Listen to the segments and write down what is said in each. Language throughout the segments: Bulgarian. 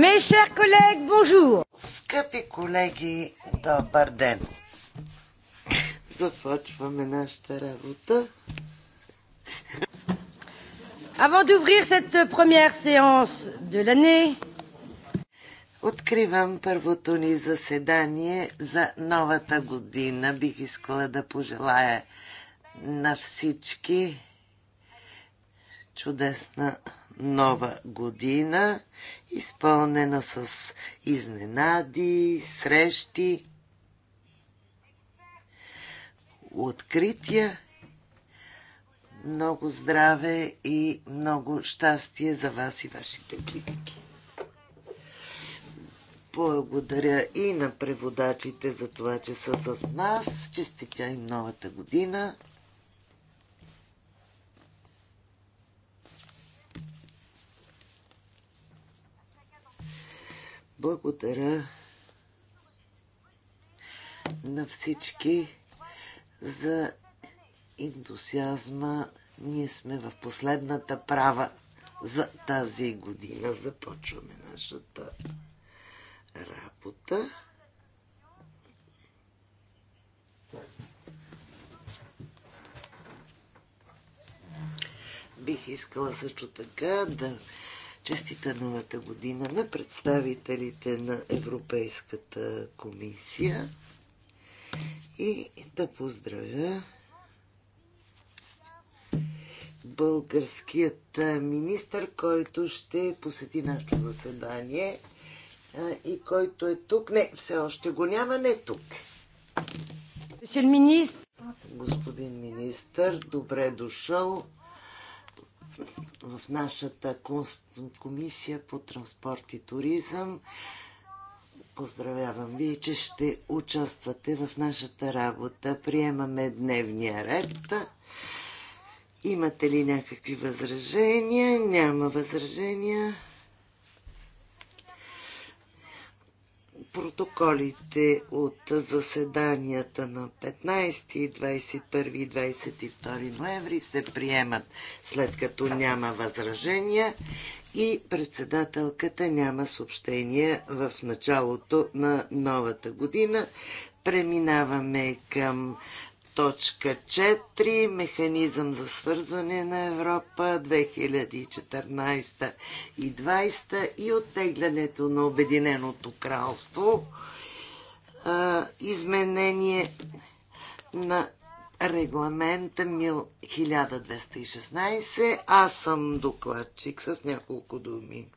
Мешер колег, бонжур! Скъпи колеги, добър ден! Започваме нашата работа. Avant d'ouvrir cette première séance de l'année, Откривам първото ни заседание за новата година. Бих искала да пожелая на всички чудесна година нова година, изпълнена с изненади, срещи, открития. Много здраве и много щастие за вас и вашите близки. Благодаря и на преводачите за това, че са с нас. Честитя им новата година. Благодаря на всички за ентусиазма. Ние сме в последната права за тази година. Започваме нашата работа. Бих искала също така да Честита новата година на представителите на Европейската комисия и да поздравя българският министр, който ще посети нашето заседание и който е тук. Не, все още го няма, не е тук. Господин министр, добре дошъл в нашата комисия по транспорт и туризъм. Поздравявам ви, че ще участвате в нашата работа. Приемаме дневния ред. Имате ли някакви възражения? Няма възражения. протоколите от заседанията на 15, 21 и 22 ноември се приемат след като няма възражения и председателката няма съобщения в началото на новата година. Преминаваме към Точка 4. Механизъм за свързване на Европа 2014 и 2020 и оттеглянето на Обединеното кралство. Изменение на регламента 1216. Аз съм докладчик с няколко думи.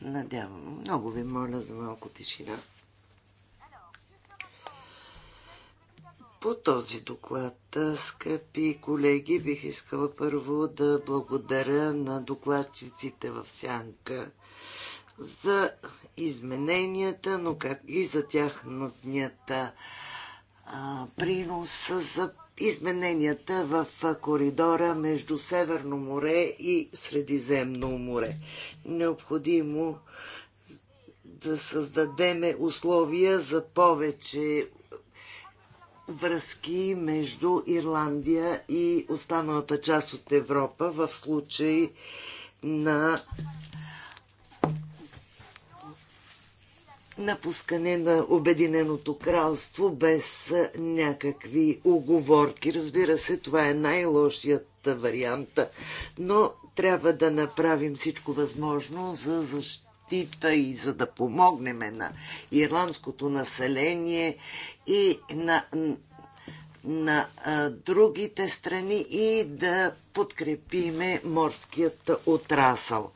Надявам. Много ви моля за малко тишина. По този доклад, скъпи колеги, бих искала първо да благодаря на докладчиците в Сянка за измененията, но как и за тяхната принос за измененията в коридора между Северно море и Средиземно море. Необходимо да създадеме условия за повече връзки между Ирландия и останалата част от Европа в случай на напускане на Обединеното кралство без някакви оговорки. Разбира се, това е най-лошият вариант, но трябва да направим всичко възможно за защита и за да помогнем на ирландското население и на, на а, другите страни и да подкрепиме морският отрасъл.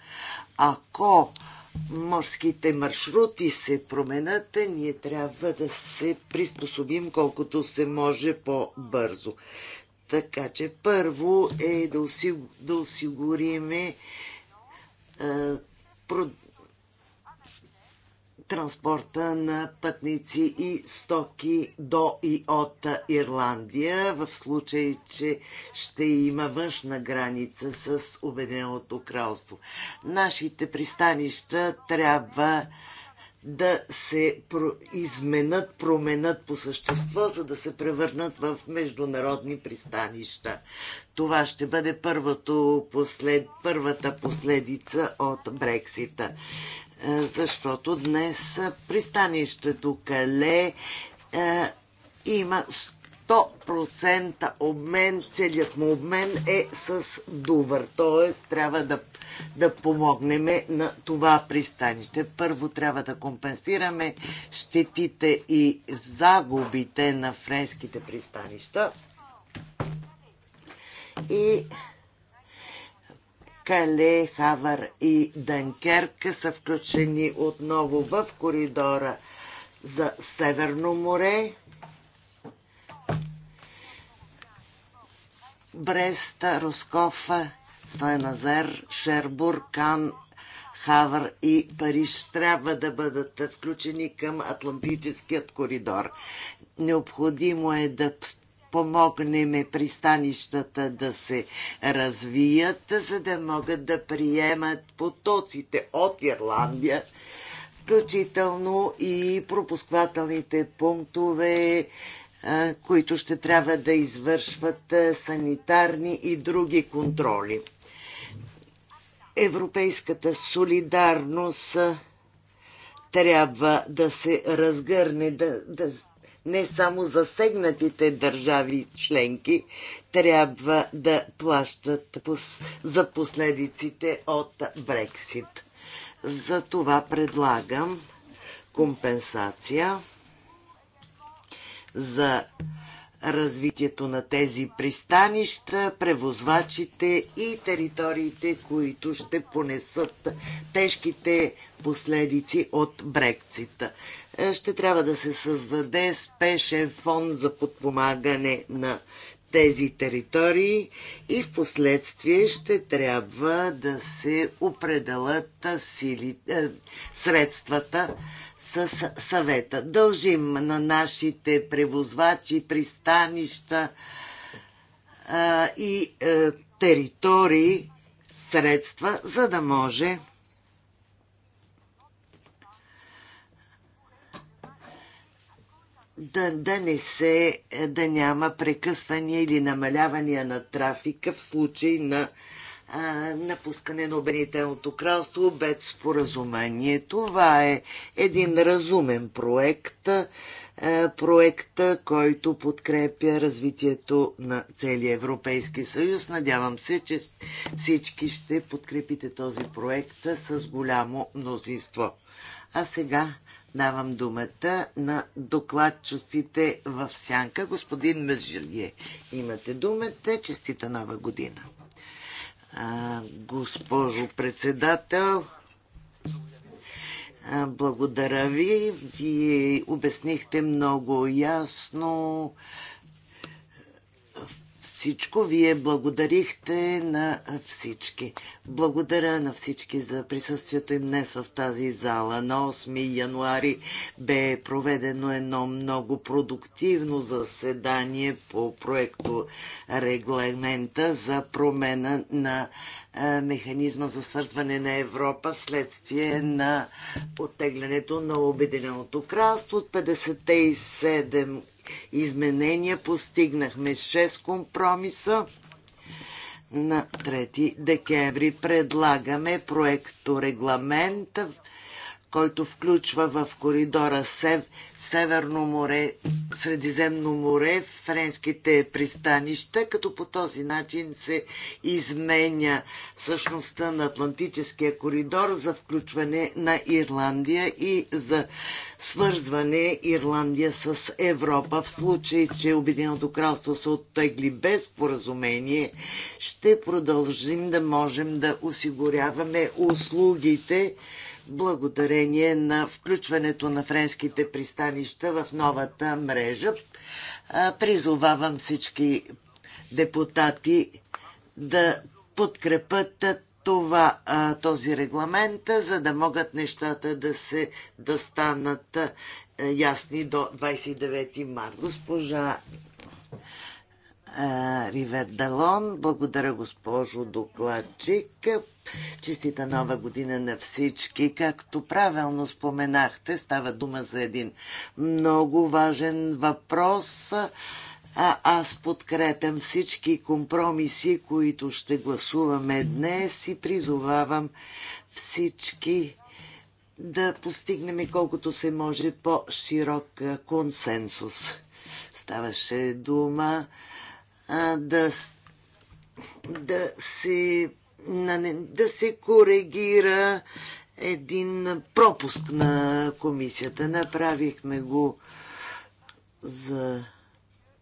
Ако а, морските маршрути се променят, ние трябва да се приспособим колкото се може по-бързо. Така че първо е да, осигу, да осигуриме е, транспорта на пътници и стоки до и от Ирландия, в случай, че ще има външна граница с Обединеното кралство. Нашите пристанища трябва да се изменят, променят по същество, за да се превърнат в международни пристанища. Това ще бъде първото послед, първата последица от Брексита. Е, защото днес пристанището Кале е, има 100% обмен, целият му обмен е с Дувър. Т.е. трябва да, да помогнем на това пристанище. Първо трябва да компенсираме щетите и загубите на френските пристанища. И Кале, Хавар и Данкерк са включени отново в коридора за Северно море. Брест, Росков, Сленазер, Шербур, Кан, Хавър и Париж трябва да бъдат включени към Атлантическият коридор. Необходимо е да помогнем пристанищата да се развият, за да могат да приемат потоците от Ирландия, включително и пропусквателните пунктове, които ще трябва да извършват санитарни и други контроли. Европейската солидарност трябва да се разгърне, да, да, не само засегнатите държави членки трябва да плащат за последиците от Брексит. За това предлагам компенсация за развитието на тези пристанища, превозвачите и териториите, които ще понесат тежките последици от Брексита ще трябва да се създаде спешен фонд за подпомагане на тези територии и в последствие ще трябва да се определят сили, е, средствата с съвета. Дължим на нашите превозвачи, пристанища е, и е, територии средства, за да може да, да не се, е, да няма прекъсвания или намалявания на трафика в случай на напускане на Обединителното кралство без споразумение. Това е един разумен проект, е, проект, който подкрепя развитието на целия Европейски съюз. Надявам се, че всички ще подкрепите този проект с голямо мнозинство. А сега Давам думата на докладчиците в сянка. Господин Межилие, имате думата. Честита нова година. А, госпожо председател, а, благодаря ви. Вие обяснихте много ясно всичко. Вие благодарихте на всички. Благодаря на всички за присъствието им днес в тази зала. На 8 януари бе проведено едно много продуктивно заседание по проекто регламента за промена на е, механизма за свързване на Европа вследствие на оттеглянето на Обединеното кралство от 57 изменения. Постигнахме 6 компромиса на 3 декември предлагаме проекто регламента който включва в коридора Сев, Северно море, Средиземно море, френските пристанища, като по този начин се изменя същността на Атлантическия коридор за включване на Ирландия и за свързване Ирландия с Европа. В случай, че Обединеното кралство се оттегли без поразумение, ще продължим да можем да осигуряваме услугите, благодарение на включването на френските пристанища в новата мрежа. Призовавам всички депутати да подкрепят това, този регламент, за да могат нещата да, се, да станат ясни до 29 март. Госпожа Ривер Далон, благодаря госпожо докладчик. Честита нова година на всички. Както правилно споменахте, става дума за един много важен въпрос. А аз подкрепям всички компромиси, които ще гласуваме днес и призовавам всички да постигнем колкото се може по-широк консенсус. Ставаше дума а, да, да се да се коригира един пропуск на комисията. Направихме го за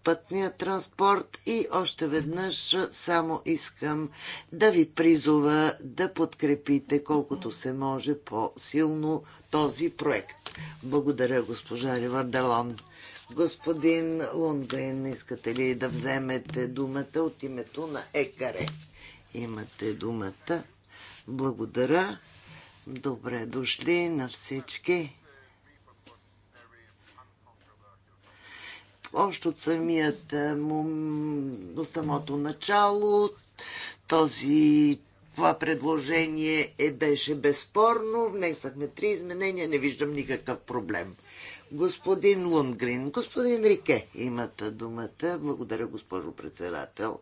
пътния транспорт и още веднъж само искам да ви призова да подкрепите колкото се може по-силно този проект. Благодаря, госпожа Ривардалон. Господин Лунгрен, искате ли да вземете думата от името на ЕКАРЕ? Имате думата. Благодаря. Добре дошли на всички. Още от самият до самото начало този това предложение е, беше безспорно. Внесахме три изменения, не виждам никакъв проблем господин Лундгрин. Господин Рике, имате думата. Благодаря, госпожо председател.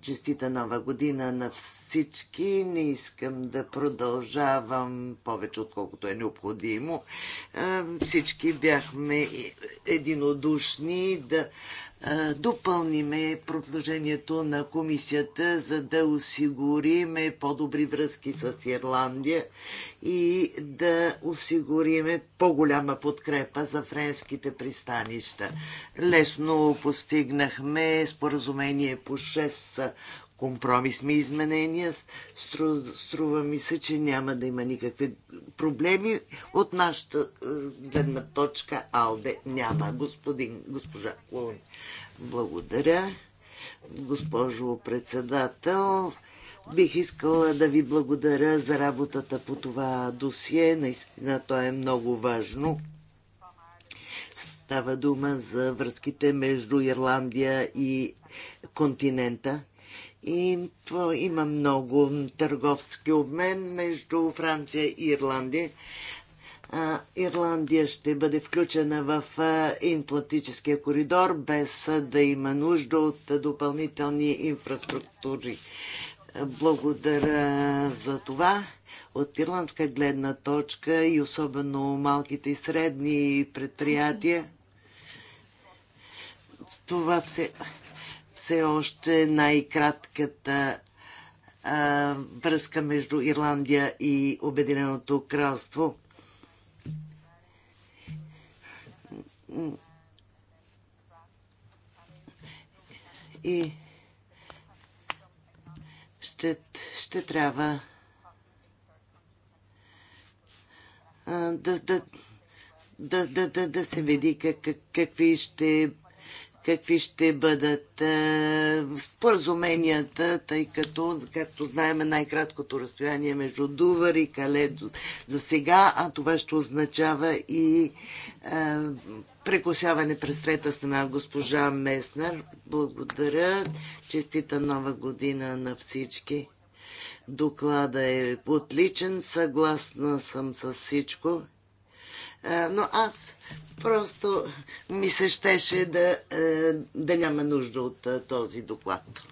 Честита нова година на всички. Не искам да продължавам повече, отколкото е необходимо. Е, всички бяхме единодушни да допълниме продължението на комисията, за да осигуриме по-добри връзки с Ирландия и да осигуриме по-голяма подкрепа за френските пристанища. Лесно постигнахме споразумение по 6 компромисни изменения. Стру, струва ми се, че няма да има никакви проблеми. От нашата е, гледна точка Алде няма. Господин, госпожа Клоун, благодаря. Госпожо председател, бих искала да ви благодаря за работата по това досие. Наистина то е много важно. Става дума за връзките между Ирландия и континента. И има много търговски обмен между Франция и Ирландия. Ирландия ще бъде включена в Атлантическия коридор, без да има нужда от допълнителни инфраструктури. Благодаря за това. От ирландска гледна точка и особено малките и средни предприятия, това все все още най-кратката връзка между Ирландия и Обединеното кралство. И ще, ще трябва да, да, да, да, да, да се види как, какви ще какви ще бъдат е, споразуменията, тъй като, както знаем, най-краткото разстояние между Дувър и Кале за сега, а това ще означава и а, е, прекосяване през трета страна госпожа Меснар. Благодаря. Честита нова година на всички. Доклада е отличен. Съгласна съм с всичко но аз просто ми се щеше да, да няма нужда от този доклад.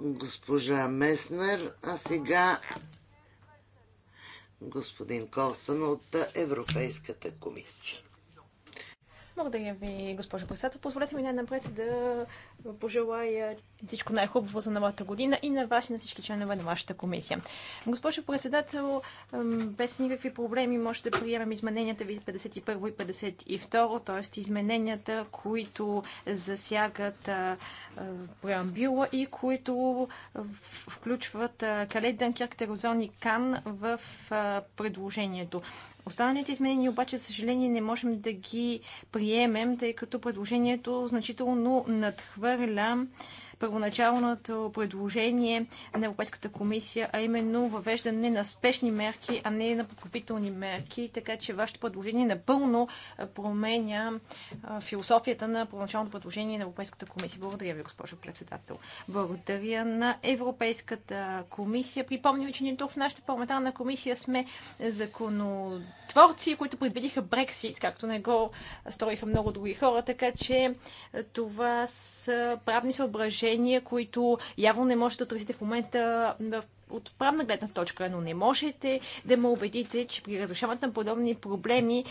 Госпожа Меснер, а сега господин Колсън от Европейската комисия. Благодаря ви, госпожо председател. Позволете ми най-напред да пожелая всичко най-хубаво за новата година и на вас и на всички членове на вашата комисия. Госпожо председател, без никакви проблеми може да приемем измененията ви 51 и 52, т.е. измененията, които засягат преамбюла и които включват Калей Дънкерк, Терозон и Кан в предложението. Останалите изменения обаче, съжаление, не можем да ги приемем, тъй като предложението значително надхвърля прехвърля първоначалното предложение на Европейската комисия, а именно въвеждане на спешни мерки, а не на подковителни мерки, така че вашето предложение напълно променя философията на първоначалното предложение на Европейската комисия. Благодаря ви, госпожо председател. Благодаря на Европейската комисия. Припомням, че ние тук в нашата парламентарна комисия сме законотворци, които предвидиха Брексит, както не го строиха много други хора, така че това са правни съображения решения, които явно не може да отразите в момента в от правна гледна точка, но не можете да ме убедите, че при разрешаването на подобни проблеми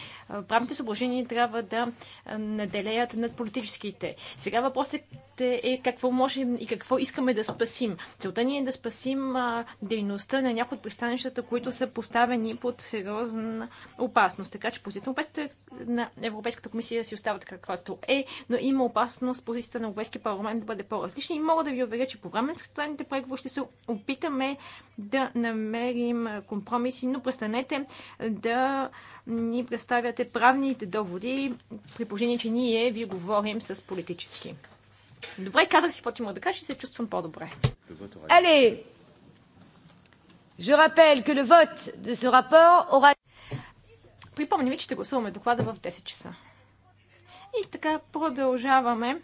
правните съображения трябва да наделеят над политическите. Сега въпросът е, е какво можем и какво искаме да спасим. Целта ни е да спасим дейността на някои от пристанищата, които са поставени под сериозна опасност. Така че позицията на Европейската комисия си остава каквато е, но има опасност позицията на Европейския парламент да бъде по-различна. И мога да ви уверя, че по време на странните преговори ще се опитаме да намерим компромиси, но престанете да ни представяте правните доводи, при положение, че ние ви говорим с политически. Добре, казах си ти мога да кажа и се чувствам по-добре. Але! Je rappelle que le vote de ce rapport aura... Припомням ви, че ще гласуваме доклада в 10 часа. И така продължаваме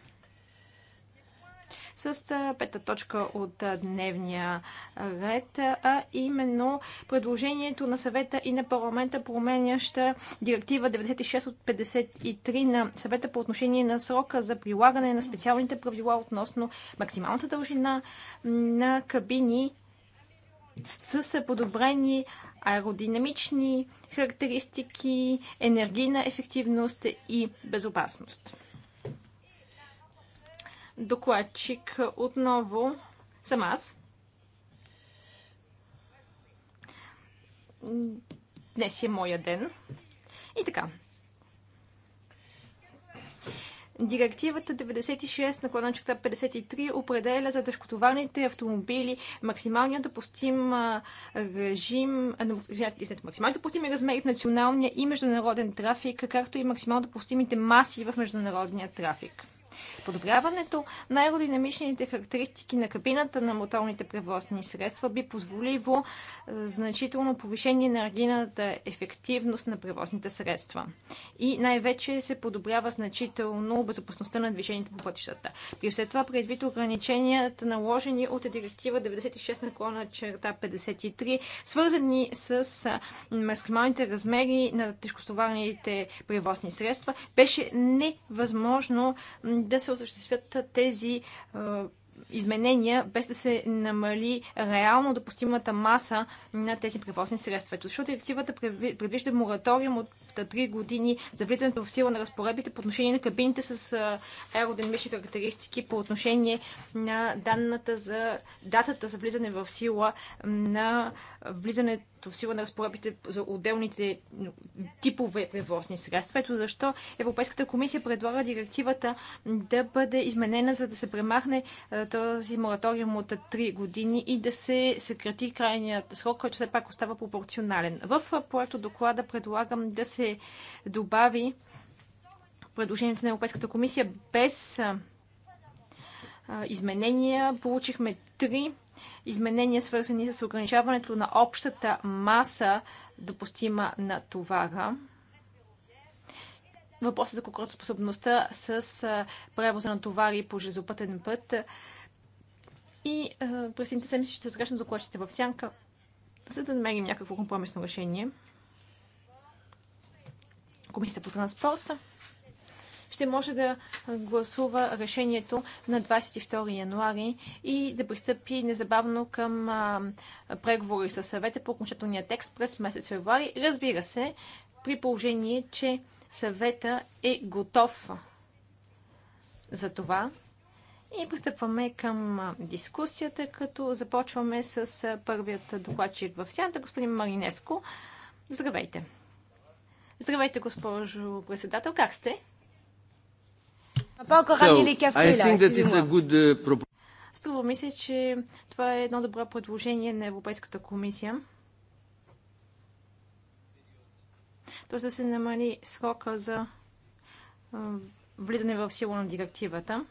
с пета точка от дневния ред, а именно предложението на съвета и на парламента променяща директива 96 от 53 на съвета по отношение на срока за прилагане на специалните правила относно максималната дължина на кабини с подобрени аеродинамични характеристики, енергийна ефективност и безопасност докладчик отново съм аз. Днес е моя ден. И така. Директивата 96 на клоначката 53 определя за тежкотоварните автомобили максималният допустим режим, максимално допустим размери в националния и международен трафик, както и максимално допустимите маси в международния трафик. Подобряването на аеродинамичните характеристики на кабината на моторните превозни средства би позволило е, значително повишение на енергийната ефективност на превозните средства. И най-вече се подобрява значително безопасността на движението по пътищата. При все това предвид ограниченията наложени от директива 96 наклона черта 53, свързани с е, максималните размери на тежкостоварните превозни средства, беше невъзможно да се осъществят тези изменения, без да се намали реално допустимата маса на тези превозни средства. защото директивата предвижда мораториум от 3 години за влизането в сила на разпоредбите по отношение на кабините с аеродинамични характеристики, по отношение на данната за датата за влизане в сила на влизането в сила на разпоръбите за отделните типове превозни средства. Ето защо Европейската комисия предлага директивата да бъде изменена, за да се премахне е, този мораториум от 3 години и да се съкрати крайният срок, който все пак остава пропорционален. В проекто доклада предлагам да се добави предложението на Европейската комисия без е, е, изменения. Получихме три изменения, свързани с ограничаването на общата маса допустима на товара. Въпросът за конкурентоспособността с превоза на товари по железопътен път. И през едните седмици ще се за колачите в сянка, за да намерим някакво компромисно решение. Комисията по транспорта ще може да гласува решението на 22 януари и да пристъпи незабавно към преговори с съвета по окончателния текст през месец февруари. Разбира се, при положение, че съвета е готов за това. И пристъпваме към дискусията, като започваме с първият докладчик в сянта, господин Маринеско. Здравейте! Здравейте, госпожо председател, как сте? So, Струва ми се, че това е едно добро предложение на Европейската комисия. Тоест да се намали срока за влизане в сила на директивата.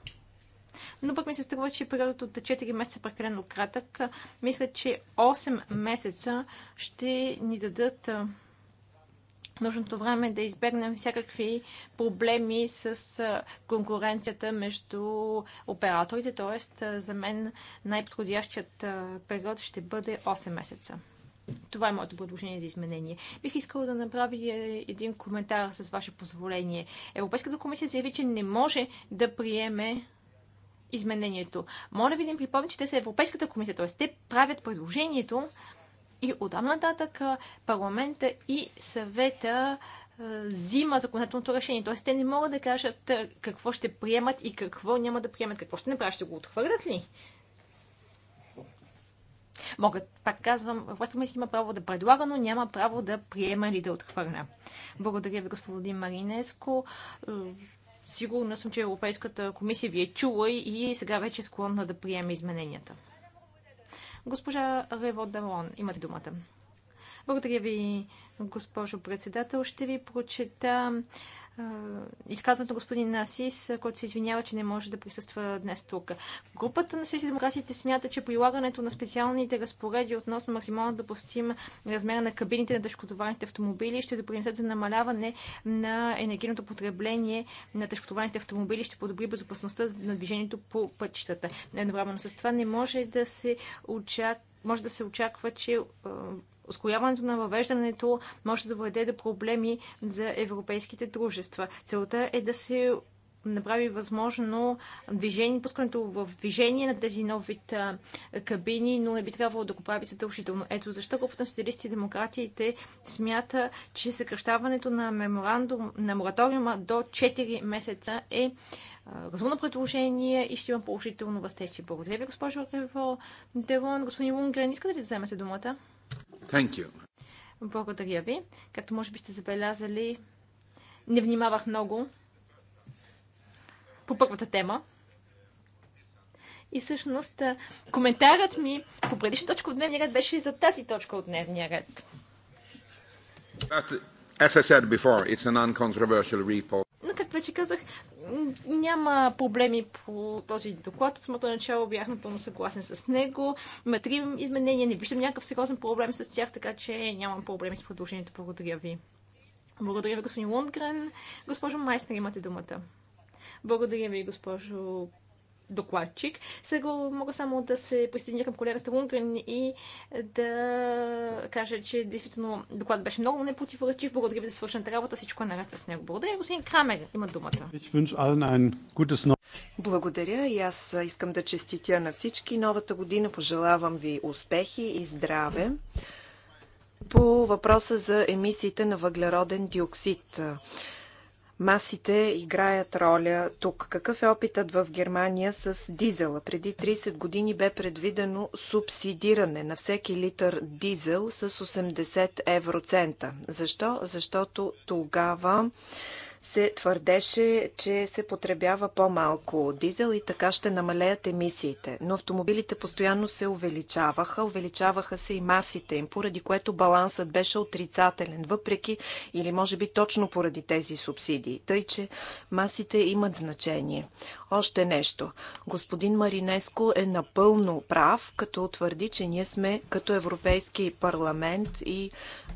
Но пък ми се струва, че периодът от 4 месеца е прекалено кратък. Мисля, че 8 месеца ще ни дадат нужното време е да избегнем всякакви проблеми с конкуренцията между операторите, т.е. за мен най-подходящият период ще бъде 8 месеца. Това е моето предложение за изменение. Бих искала да направя е, един коментар с ваше позволение. Европейската комисия заяви, че не може да приеме изменението. Моля ви да им припомня, че те са Европейската комисия, т.е. те правят предложението, и отдам нататък парламента и съвета взима законодателното решение. Тоест, те не могат да кажат какво ще приемат и какво няма да приемат. Какво ще направят? Ще го отхвърлят ли? Могат, пак казвам, ми си има право да предлага, но няма право да приема или да отхвърля. Благодаря ви, господин Маринеско. Е, сигурна съм, че Европейската комисия ви е чула и сега вече е склонна да приеме измененията. Госпожа Рево Далон, имате думата. Благодаря ви, госпожо председател. Ще ви прочета изказването господин Насис, който се извинява, че не може да присъства днес тук. Групата на Съюз демократите смята, че прилагането на специалните разпореди относно максимално допустим размера на кабините на тъжкотоварните автомобили ще допринесат за намаляване на енергийното потребление на тъжкотоварните автомобили, ще подобри безопасността на движението по пътищата. Едновременно с това не може да се очаква може да се очаква, че Ускоряването на въвеждането може да доведе до проблеми за европейските дружества. Целта е да се направи възможно движение, пускането в движение на тези нови кабини, но не би трябвало да го прави задължително. Ето защо групата на социалисти и демократите смята, че съкръщаването на меморандум, на мораториума до 4 месеца е разумно предложение и ще има положително въздействие. Благодаря ви, госпожо Рево Делон. Господин Лунгрен, искате ли да вземете думата? Thank you. Благодаря ви. Както може би сте забелязали, не внимавах много по първата тема. И всъщност коментарът ми по предишната точка от дневния ред беше и за тази точка от дневния ред. But, as I said before, it's an uncontroversial report. Както вече казах, няма проблеми по този доклад. От самото начало бях напълно съгласен с него. Има три изменения, не виждам някакъв сериозен проблем с тях, така че нямам проблеми с продължението. Благодаря ви. Благодаря ви, господин Лундгрен. Госпожо Майстер, имате думата. Благодаря ви, госпожо докладчик. Сега мога само да се присъединя към колегата Лунгрен и да кажа, че действително докладът беше много непротиворечив. Благодаря ви за свършената работа. Всичко е наред с него. Благодаря, господин Крамер. Има думата. Благодаря и аз искам да честитя на всички новата година. Пожелавам ви успехи и здраве. По въпроса за емисиите на въглероден диоксид. Масите играят роля тук. Какъв е опитът в Германия с дизела? Преди 30 години бе предвидено субсидиране на всеки литър дизел с 80 евроцента. Защо? Защото тогава се твърдеше, че се потребява по-малко дизел и така ще намалеят емисиите. Но автомобилите постоянно се увеличаваха, увеличаваха се и масите им, поради което балансът беше отрицателен, въпреки или може би точно поради тези субсидии, тъй че масите имат значение. Още нещо. Господин Маринеско е напълно прав, като твърди, че ние сме като Европейски парламент и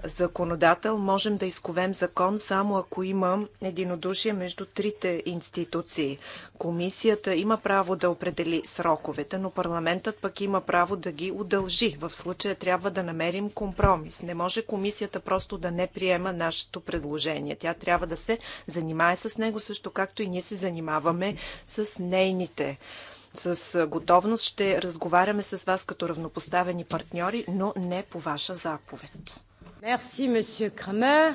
законодател можем да изковем закон само ако има единодушие между трите институции. Комисията има право да определи сроковете, но парламентът пък има право да ги удължи. В случая трябва да намерим компромис. Не може комисията просто да не приема нашето предложение. Тя трябва да се занимае с него, също както и ние се занимаваме с с нейните. С готовност ще разговаряме с вас като равнопоставени партньори, но не по ваша заповед. Мерси, месье Крамер.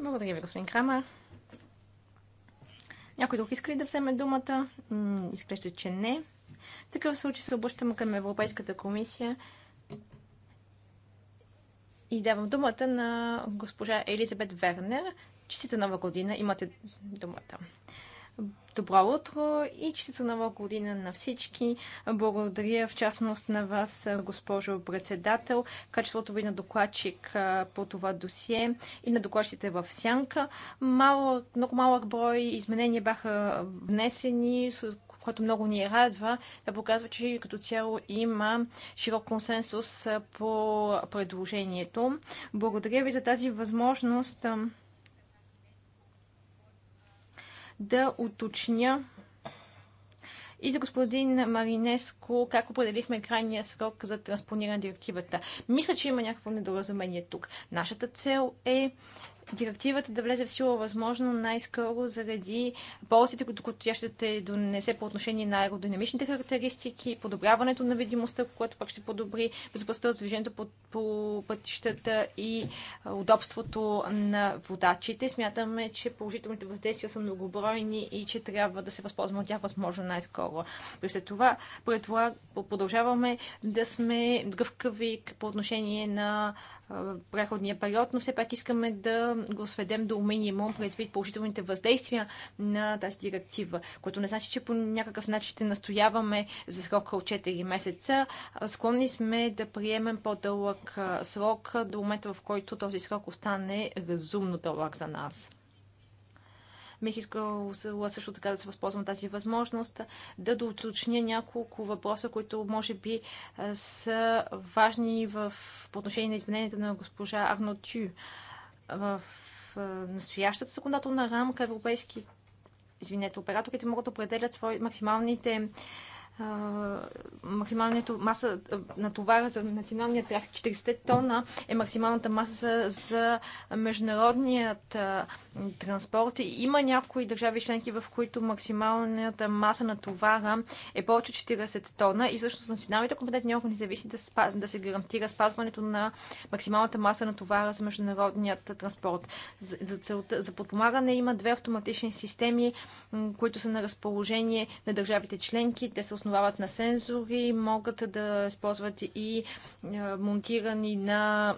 Благодаря ви, господин Крамер. Някой друг иска ли да вземе думата? изкреща, изглежда, че не. В такъв случай се обръщам към Европейската комисия и давам думата на госпожа Елизабет Вернер. Честита нова година, имате думата. Добро утро и честита нова година на всички. Благодаря в частност на вас, госпожо председател, качеството ви на докладчик по това досие и на докладчите в Сянка. Малък, много малък брой изменения бяха внесени, което много ни радва. Да показва, че като цяло има широк консенсус по предложението. Благодаря ви за тази възможност да уточня и за господин Маринеско, как определихме крайния срок за транспониране на директивата. Мисля, че има някакво недоразумение тук. Нашата цел е директивата да влезе в сила възможно най-скоро заради ползите, които тя ще те донесе по отношение на аеродинамичните характеристики, подобряването на видимостта, което пък ще подобри безопасността от движението по, по пътищата и удобството на водачите. Смятаме, че положителните въздействия са многобройни и че трябва да се възползваме от тях възможно най-скоро. При след това продължаваме да сме гъвкави по отношение на преходния период, но все пак искаме да го сведем до минимум предвид положителните въздействия на тази директива, което не значи, че по някакъв начин ще настояваме за срока от 4 месеца. Склонни сме да приемем по-дълъг срок до момента, в който този срок остане разумно дълъг за нас. Мех искала също така да се възползвам тази възможност да доуточня няколко въпроса, които може би са важни в, по отношение на изменението на госпожа Арнотю. В настоящата законодателна рамка европейски извинете, операторите могат да определят свои максималните максималната маса на товара за националния трафик 40 тона е максималната маса за, за международният а, транспорт. Има някои държави членки, в които максималната маса на товара е повече 40 тона и всъщност националните компетентни органи зависи да, спа, да се гарантира спазването на максималната маса на товара за международният транспорт. За, за, целта, за подпомагане има две автоматични системи, които са на разположение на държавите членки. Те са основават на сензори, могат да използват и монтирани на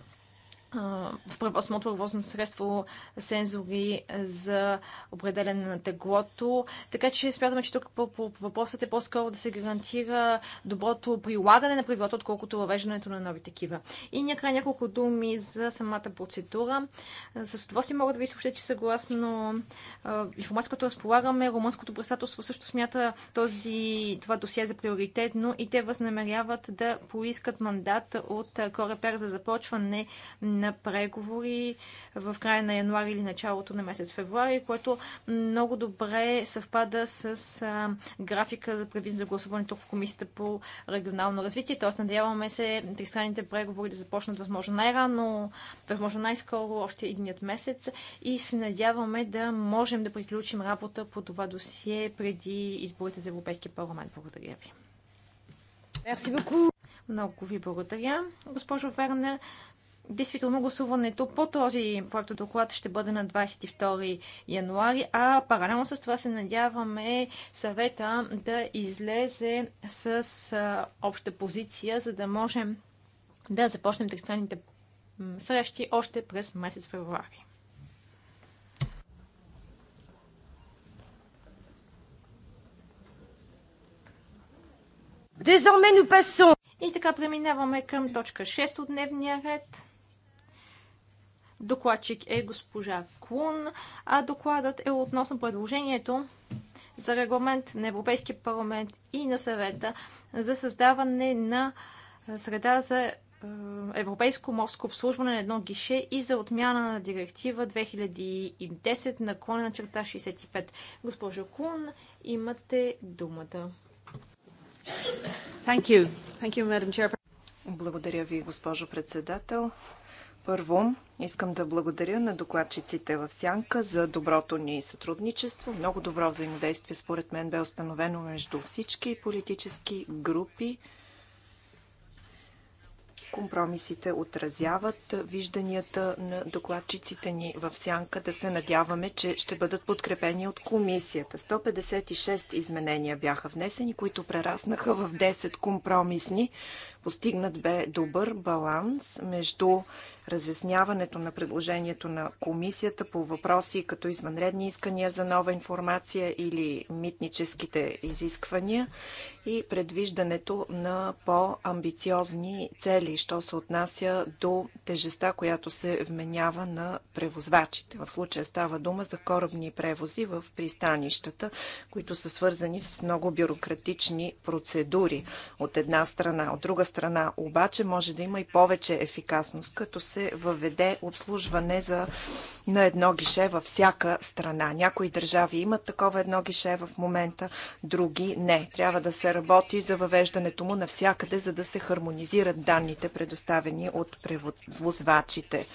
в самото превозно средство сензори за определене на теглото. Така че смятаме, че тук по въпросът е по-скоро да се гарантира доброто прилагане на правилата, отколкото въвеждането на нови такива. И накрая няколко думи за самата процедура. С удоволствие мога да ви съобщя, че съгласно информацията, която разполагаме, румънското председателство също смята този, това досие за приоритетно и те възнамеряват да поискат мандат от Корепер за започване на преговори в края на януари или началото на месец февруари, което много добре съвпада с а, графика, предвид за гласуването в Комисията по регионално развитие. Тоест, надяваме се тристранните преговори да започнат възможно най-рано, възможно най-скоро, още единият месец и се надяваме да можем да приключим работа по това досие преди изборите за Европейския парламент. Благодаря ви. Merci beaucoup. Много ви благодаря. Госпожо Вернер, Действително гласуването по този проект доклад ще бъде на 22 януари, а паралелно с това се надяваме съвета да излезе с обща позиция, за да можем да започнем текстаните срещи още през месец февруари. Désormais, nous passons. И така преминаваме към точка 6 от дневния ред. Докладчик е госпожа Клун, а докладът е относно предложението за регламент на Европейския парламент и на съвета за създаване на среда за европейско морско обслужване на едно гише и за отмяна на директива 2010 на наклона на черта 65. Госпожо Клун, имате думата. Thank you. Thank you, Благодаря ви, госпожо председател. Първо, искам да благодаря на докладчиците в Сянка за доброто ни сътрудничество. Много добро взаимодействие според мен бе установено между всички политически групи. Компромисите отразяват вижданията на докладчиците ни в Сянка. Да се надяваме, че ще бъдат подкрепени от комисията. 156 изменения бяха внесени, които прераснаха в 10 компромисни, Постигнат бе добър баланс между разясняването на предложението на комисията по въпроси като извънредни искания за нова информация или митническите изисквания и предвиждането на по-амбициозни цели, що се отнася до тежестта, която се вменява на превозвачите. В случая става дума за корабни превози в пристанищата, които са свързани с много бюрократични процедури от една страна. От друга страна обаче може да има и повече ефикасност, като се въведе обслужване за, на едно гише във всяка страна. Някои държави имат такова едно гише в момента, други не. Трябва да се работи за въвеждането му навсякъде, за да се хармонизират данните, предоставени от превозвачите.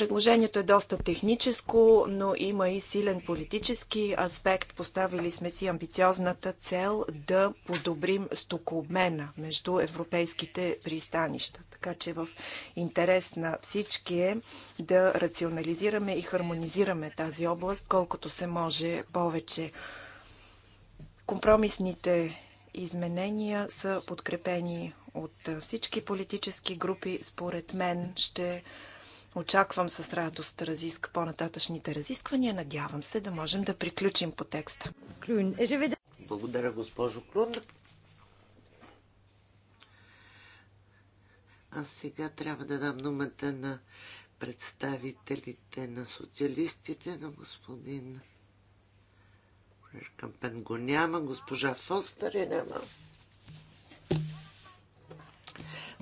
Предложението е доста техническо, но има и силен политически аспект. Поставили сме си амбициозната цел да подобрим стокообмена между европейските пристанища. Така че в интерес на всички е да рационализираме и хармонизираме тази област колкото се може повече. Компромисните изменения са подкрепени от всички политически групи. Според мен ще Очаквам с радост разиск по-нататъчните разисквания. Надявам се да можем да приключим по текста. Е, Благодаря, госпожо Клун. А сега трябва да дам думата на представителите на социалистите, на господин Кампен го няма, госпожа Фостер е няма.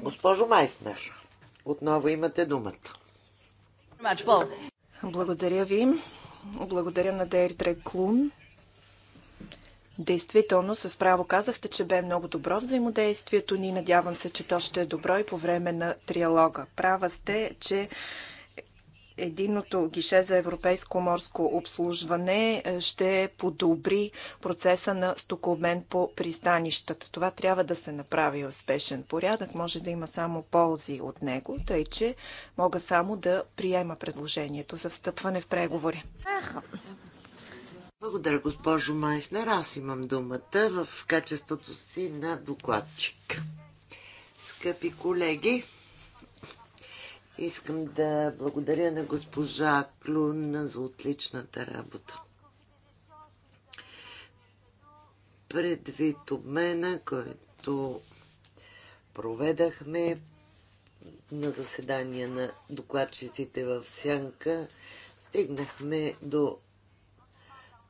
Госпожо Майснер, отново имате думата. Благодаря ви. Благодаря на Дейрдре Клун. Действително, с право казахте, че бе много добро взаимодействието ни. Надявам се, че то ще е добро и по време на триалога. Права сте, че Единното гише за европейско морско обслужване е, ще подобри процеса на стокообмен по пристанищата. Това трябва да се направи успешен порядък. Може да има само ползи от него, тъй че мога само да приема предложението за встъпване в преговори. Благодаря, госпожо Майснер. Аз имам думата в качеството си на докладчик. Скъпи колеги, Искам да благодаря на госпожа Клун за отличната работа. Предвид обмена, който проведахме на заседание на докладчиците в Сянка, стигнахме до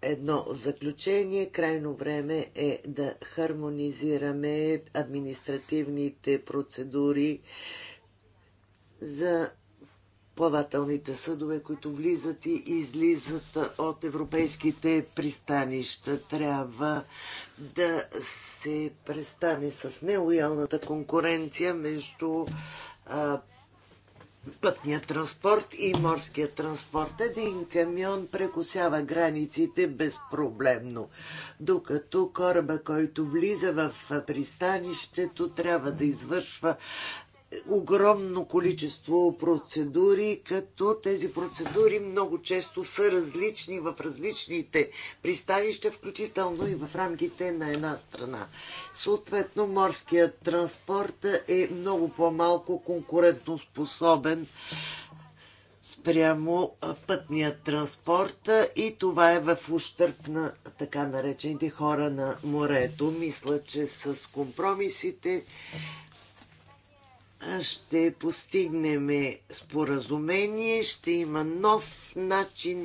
едно заключение. Крайно време е да хармонизираме административните процедури за плавателните съдове, които влизат и излизат от европейските пристанища. Трябва да се престане с нелоялната конкуренция между а, пътния транспорт и морския транспорт. Един камион прекусява границите безпроблемно, докато кораба, който влиза в пристанището, трябва да извършва огромно количество процедури, като тези процедури много често са различни в различните пристанища, включително и в рамките на една страна. Съответно, морският транспорт е много по-малко конкурентно способен спрямо пътния транспорт и това е в ущърп на така наречените хора на морето. Мисля, че с компромисите ще постигнем споразумение, ще има нов начин,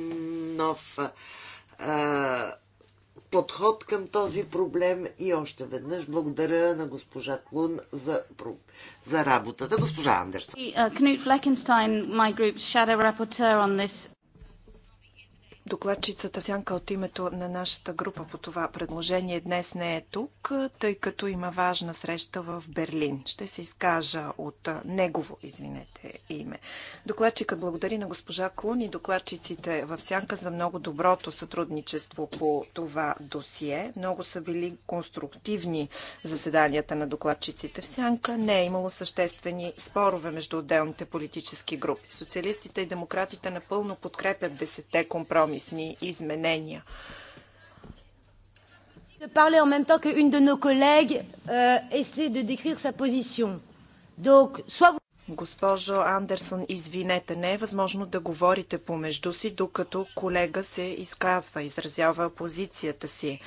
нов а, подход към този проблем и още веднъж благодаря на госпожа Клун за, за работата. Госпожа Андерсон. Кнут Флекенстайн, my group's shadow rapporteur on this Докладчицата Сянка от името на нашата група по това предложение днес не е тук, тъй като има важна среща в Берлин. Ще се изкажа от негово, извинете, име. Докладчикът благодари на госпожа Клун и докладчиците в Сянка за много доброто сътрудничество по това досие. Много са били конструктивни заседанията на докладчиците в Сянка. Не е имало съществени спорове между отделните политически групи. Социалистите и демократите напълно подкрепят десетте компромиси компромисни изменения. Je parlais en même temps qu'une de nos collègues euh, essaie de décrire sa position. Donc, soit vous... Госпожо Андерсон, извинете, не е възможно да говорите помежду си, докато колега се изказва, изразява позицията си.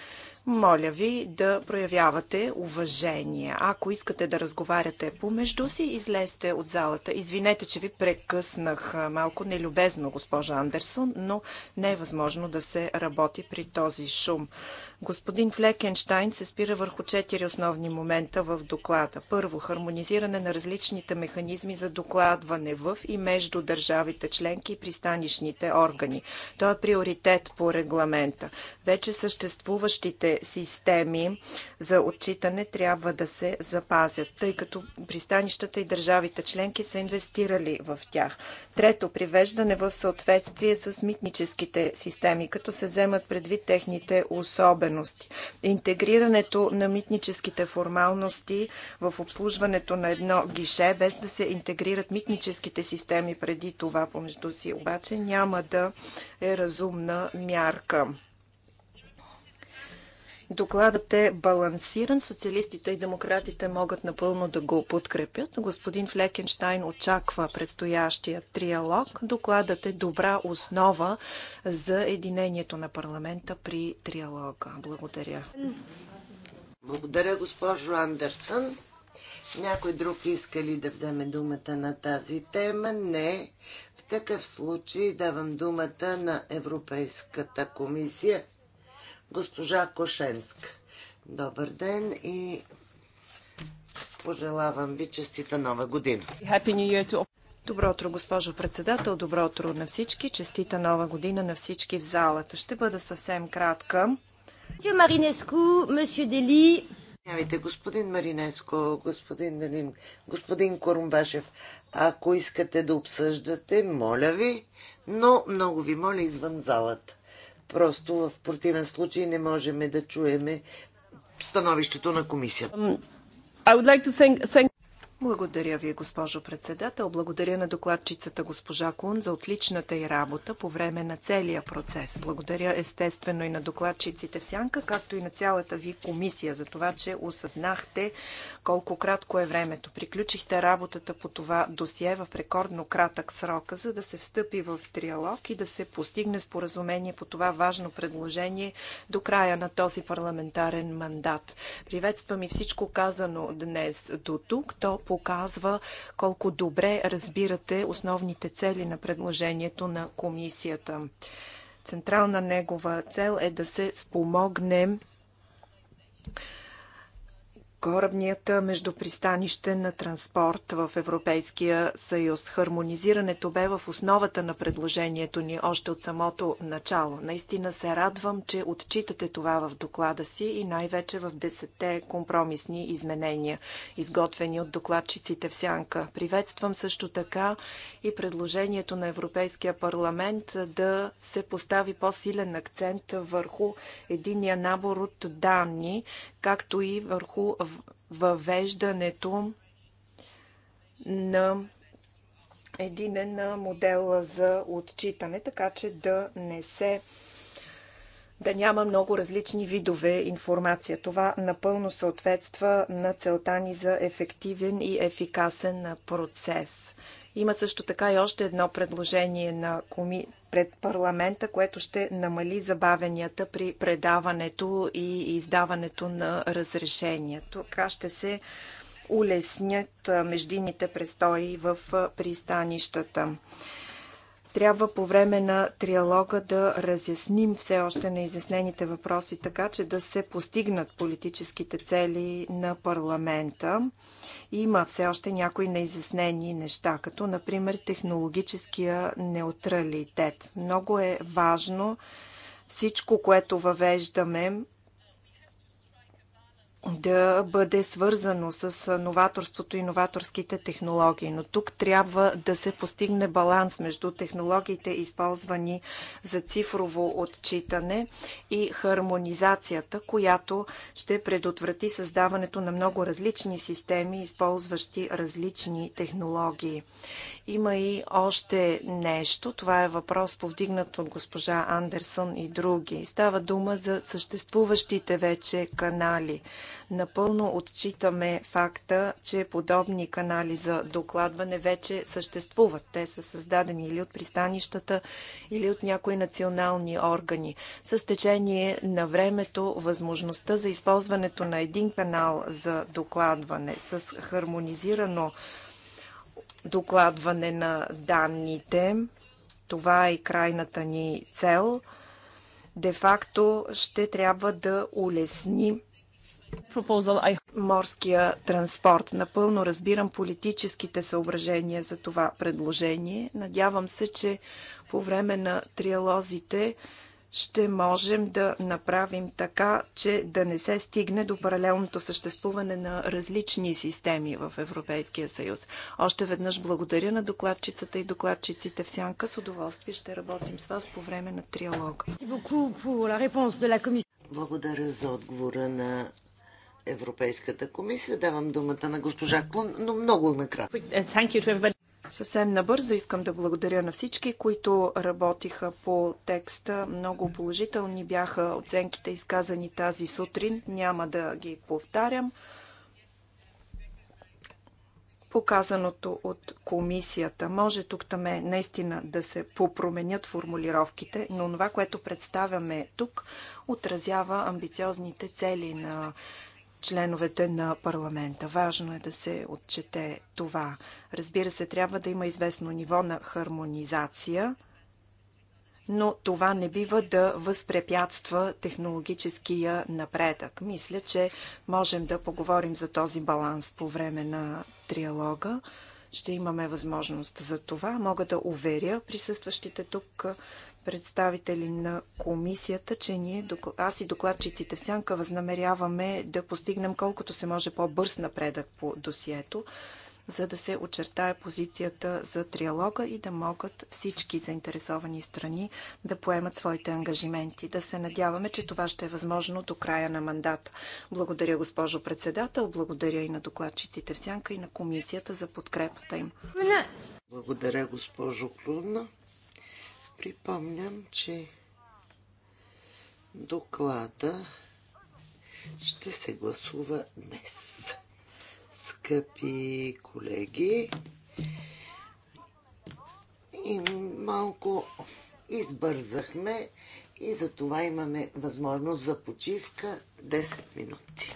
Моля ви да проявявате уважение. Ако искате да разговаряте помежду си, излезте от залата. Извинете, че ви прекъснах малко нелюбезно, госпожа Андерсон, но не е възможно да се работи при този шум. Господин Флекенштайн се спира върху четири основни момента в доклада. Първо, хармонизиране на различните механизми за докладване в и между държавите членки и пристанищните органи. То е приоритет по регламента. Вече съществуващите системи за отчитане трябва да се запазят, тъй като пристанищата и държавите членки са инвестирали в тях. Трето, привеждане в съответствие с митническите системи, като се вземат предвид техните особености особености. Интегрирането на митническите формалности в обслужването на едно гише, без да се интегрират митническите системи преди това помежду си, обаче няма да е разумна мярка. Докладът е балансиран. Социалистите и демократите могат напълно да го подкрепят. Господин Флекенштайн очаква предстоящия триалог. Докладът е добра основа за единението на парламента при триалога. Благодаря. Благодаря, госпожо Андерсън. Някой друг иска ли да вземе думата на тази тема? Не. В такъв случай давам думата на Европейската комисия госпожа Кошенск. Добър ден и пожелавам ви честита нова година. Добро утро, госпожо председател. Добро утро на всички. Честита нова година на всички в залата. Ще бъда съвсем кратка. Маринеско, месье Дели. Нямайте, господин Маринеско, господин Делин, господин Корумбашев, ако искате да обсъждате, моля ви, но много ви моля извън залата. Просто в противен случай не можем да чуеме становището на комисията. Like thank, thank... Благодаря ви, госпожо председател. Благодаря на докладчицата госпожа Клун за отличната й работа по време на целия процес. Благодаря естествено и на докладчиците в Сянка, както и на цялата ви комисия за това, че осъзнахте колко кратко е времето. Приключихте работата по това досие в рекордно кратък срок, за да се встъпи в триалог и да се постигне споразумение по това важно предложение до края на този парламентарен мандат. Приветствам и всичко казано днес до тук. То показва колко добре разбирате основните цели на предложението на комисията. Централна негова цел е да се спомогне междукорабният междупристанищен транспорт в Европейския съюз. Хармонизирането бе в основата на предложението ни още от самото начало. Наистина се радвам, че отчитате това в доклада си и най-вече в десетте компромисни изменения, изготвени от докладчиците в Сянка. Приветствам също така и предложението на Европейския парламент да се постави по-силен акцент върху единия набор от данни, както и върху въвеждането на единен модел за отчитане, така че да не се да няма много различни видове информация. Това напълно съответства на целта ни за ефективен и ефикасен процес. Има също така и още едно предложение на коми... пред парламента, което ще намали забавенията при предаването и издаването на разрешението. Така ще се улеснят междинните престои в пристанищата. Трябва по време на триалога да разясним все още неизяснените въпроси, така че да се постигнат политическите цели на парламента. Има все още някои неизяснени неща, като например технологическия неутралитет. Много е важно всичко, което въвеждаме, да бъде свързано с новаторството и новаторските технологии. Но тук трябва да се постигне баланс между технологиите, използвани за цифрово отчитане и хармонизацията, която ще предотврати създаването на много различни системи, използващи различни технологии. Има и още нещо. Това е въпрос повдигнат от госпожа Андерсон и други. Става дума за съществуващите вече канали. Напълно отчитаме факта, че подобни канали за докладване вече съществуват. Те са създадени или от пристанищата, или от някои национални органи. С течение на времето възможността за използването на един канал за докладване с хармонизирано докладване на данните. Това е и крайната ни цел. Де-факто ще трябва да улесни морския транспорт. Напълно разбирам политическите съображения за това предложение. Надявам се, че по време на триалозите ще можем да направим така, че да не се стигне до паралелното съществуване на различни системи в Европейския съюз. Още веднъж благодаря на докладчицата и докладчиците в Сянка. С удоволствие ще работим с вас по време на триалога. Благодаря за отговора на Европейската комисия. Давам думата на госпожа Клон, но много накратко. Съвсем набързо искам да благодаря на всички, които работиха по текста. Много положителни бяха оценките изказани тази сутрин. Няма да ги повтарям. Показаното от комисията. Може тук таме наистина да се попроменят формулировките, но това, което представяме тук, отразява амбициозните цели на членовете на парламента. Важно е да се отчете това. Разбира се, трябва да има известно ниво на хармонизация, но това не бива да възпрепятства технологическия напредък. Мисля, че можем да поговорим за този баланс по време на триалога. Ще имаме възможност за това. Мога да уверя присъстващите тук представители на комисията, че ние, аз и докладчиците в Сянка, възнамеряваме да постигнем колкото се може по-бърз напредък по досието, за да се очертае позицията за триалога и да могат всички заинтересовани страни да поемат своите ангажименти. Да се надяваме, че това ще е възможно до края на мандата. Благодаря, госпожо председател, благодаря и на докладчиците в Сянка и на комисията за подкрепата им. Благодаря, госпожо Клудна. Припомням, че доклада ще се гласува днес. Скъпи колеги, и малко избързахме и за това имаме възможност за почивка 10 минути.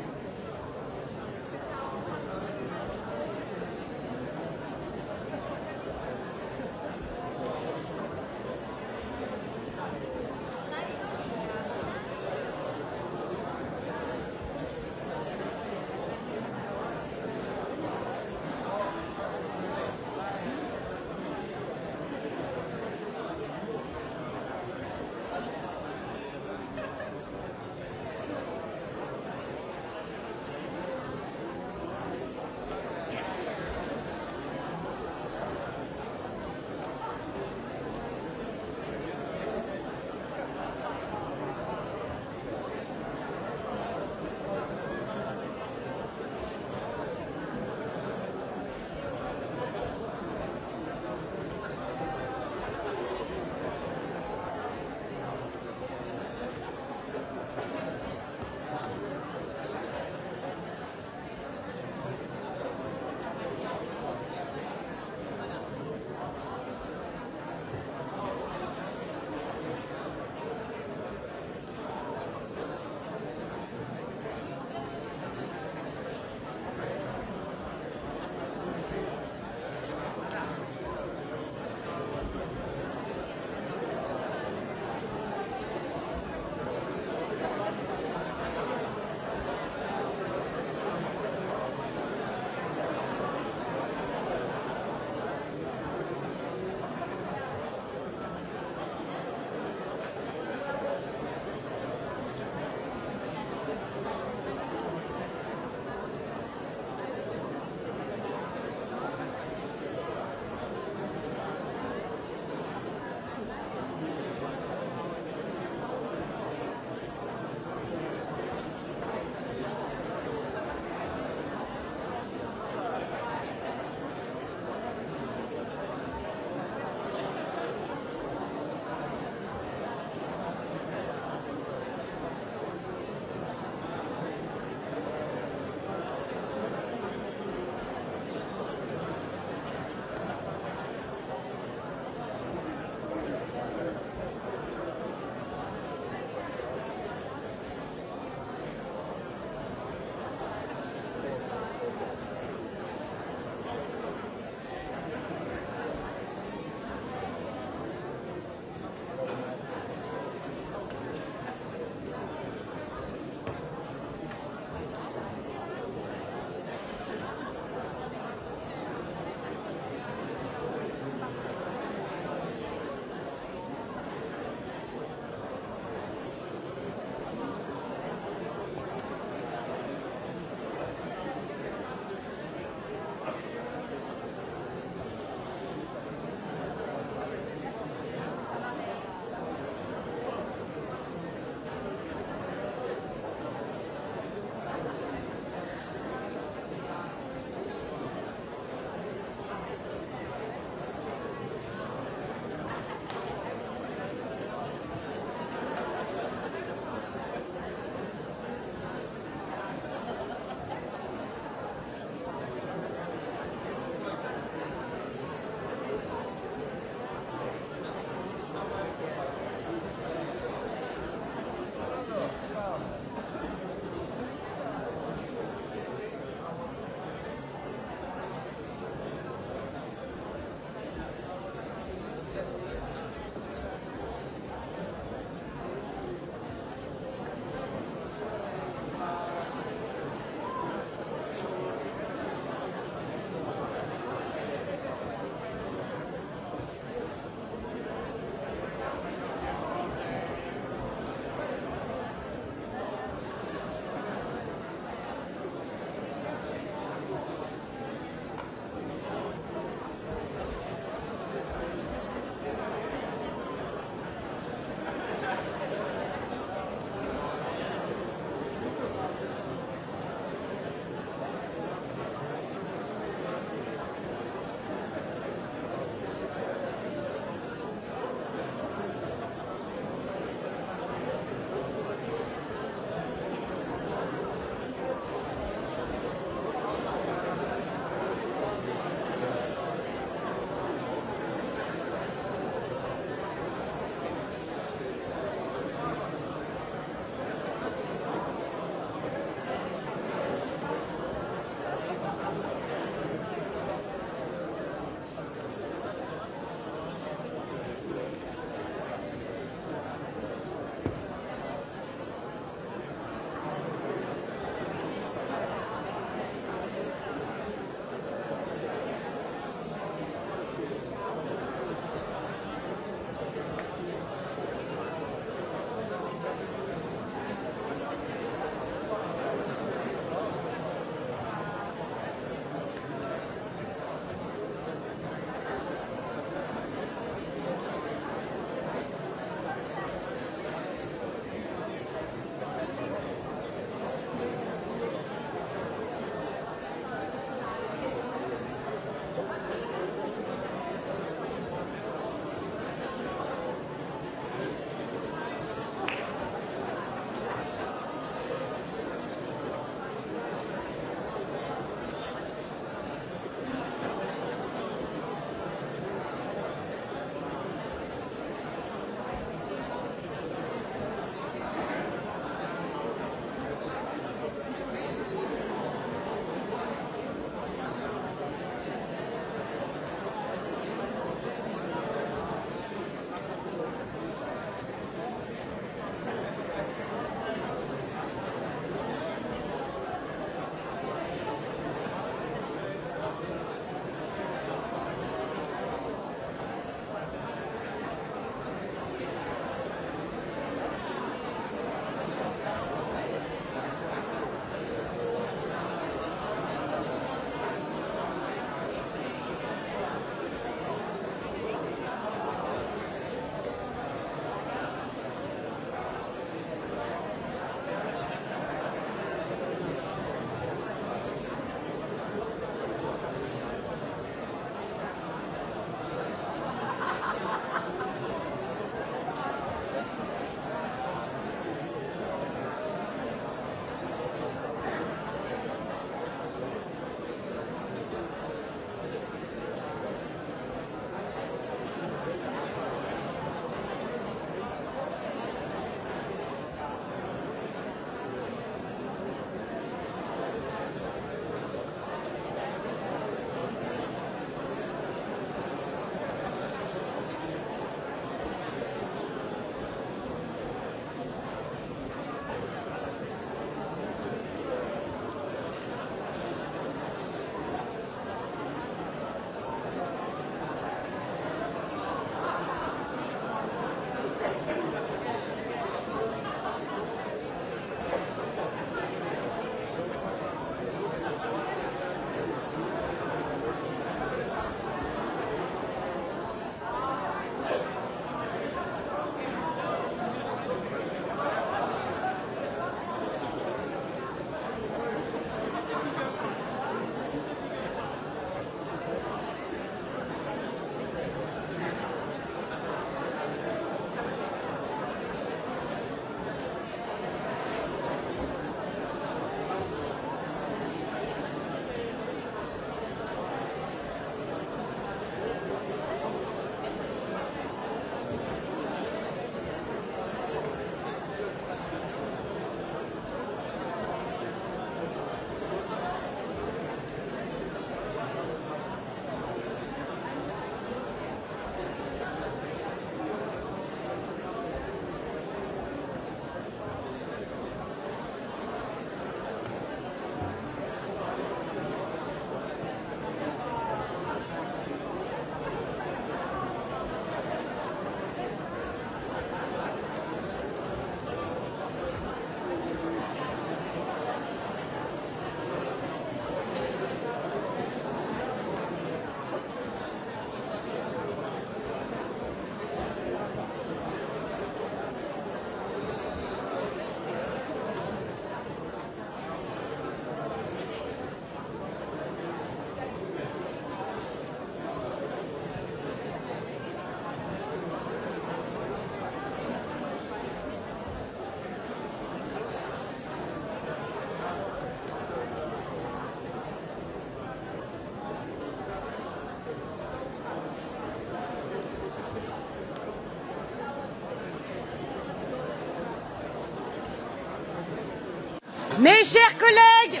Mes chers collègues!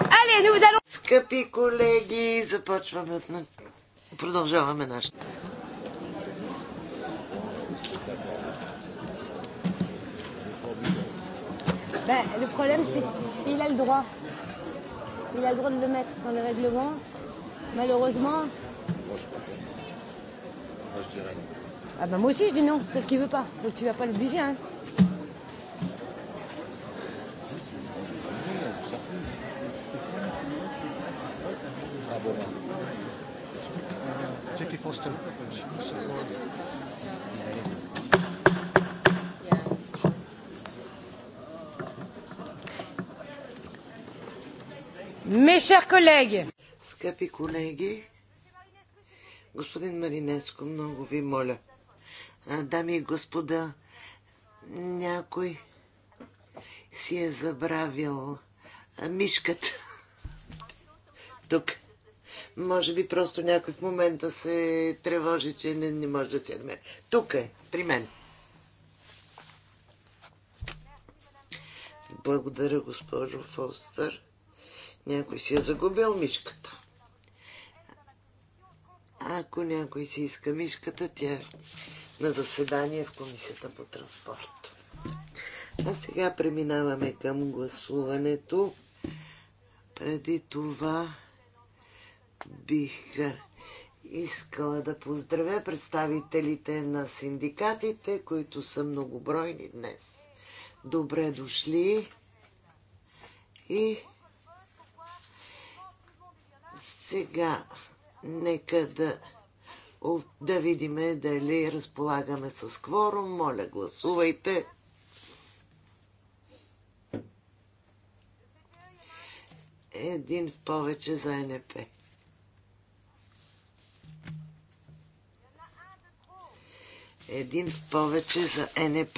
Allez, nous allons... Скъпи колеги, започваме от Продължаваме нашата. Ben, le problème, c'est qu'il a le droit. Il a le droit de le mettre dans le règlement. Malheureusement. Moi, je comprends. Moi, je dirais non. Ah ben, moi aussi, je dis non. Sauf qu'il veut pas. Donc, tu vas pas l'obliger, hein. Mes chers collègues. Скъпи колеги, господин Маринеско, много ви моля. Дами и господа, някой си е забравил мишката. Тук. Може би просто някой в момента се тревожи, че не, не може да се намери. Тук е, при мен. Благодаря, госпожо Фостър. Някой си е загубил мишката. Ако някой си иска мишката, тя е на заседание в Комисията по транспорт. А сега преминаваме към гласуването. Преди това бих искала да поздравя представителите на синдикатите, които са многобройни днес. Добре дошли и сега нека да, да видиме дали разполагаме с кворум. Моля, гласувайте. Един в повече за НП. един в повече за НП.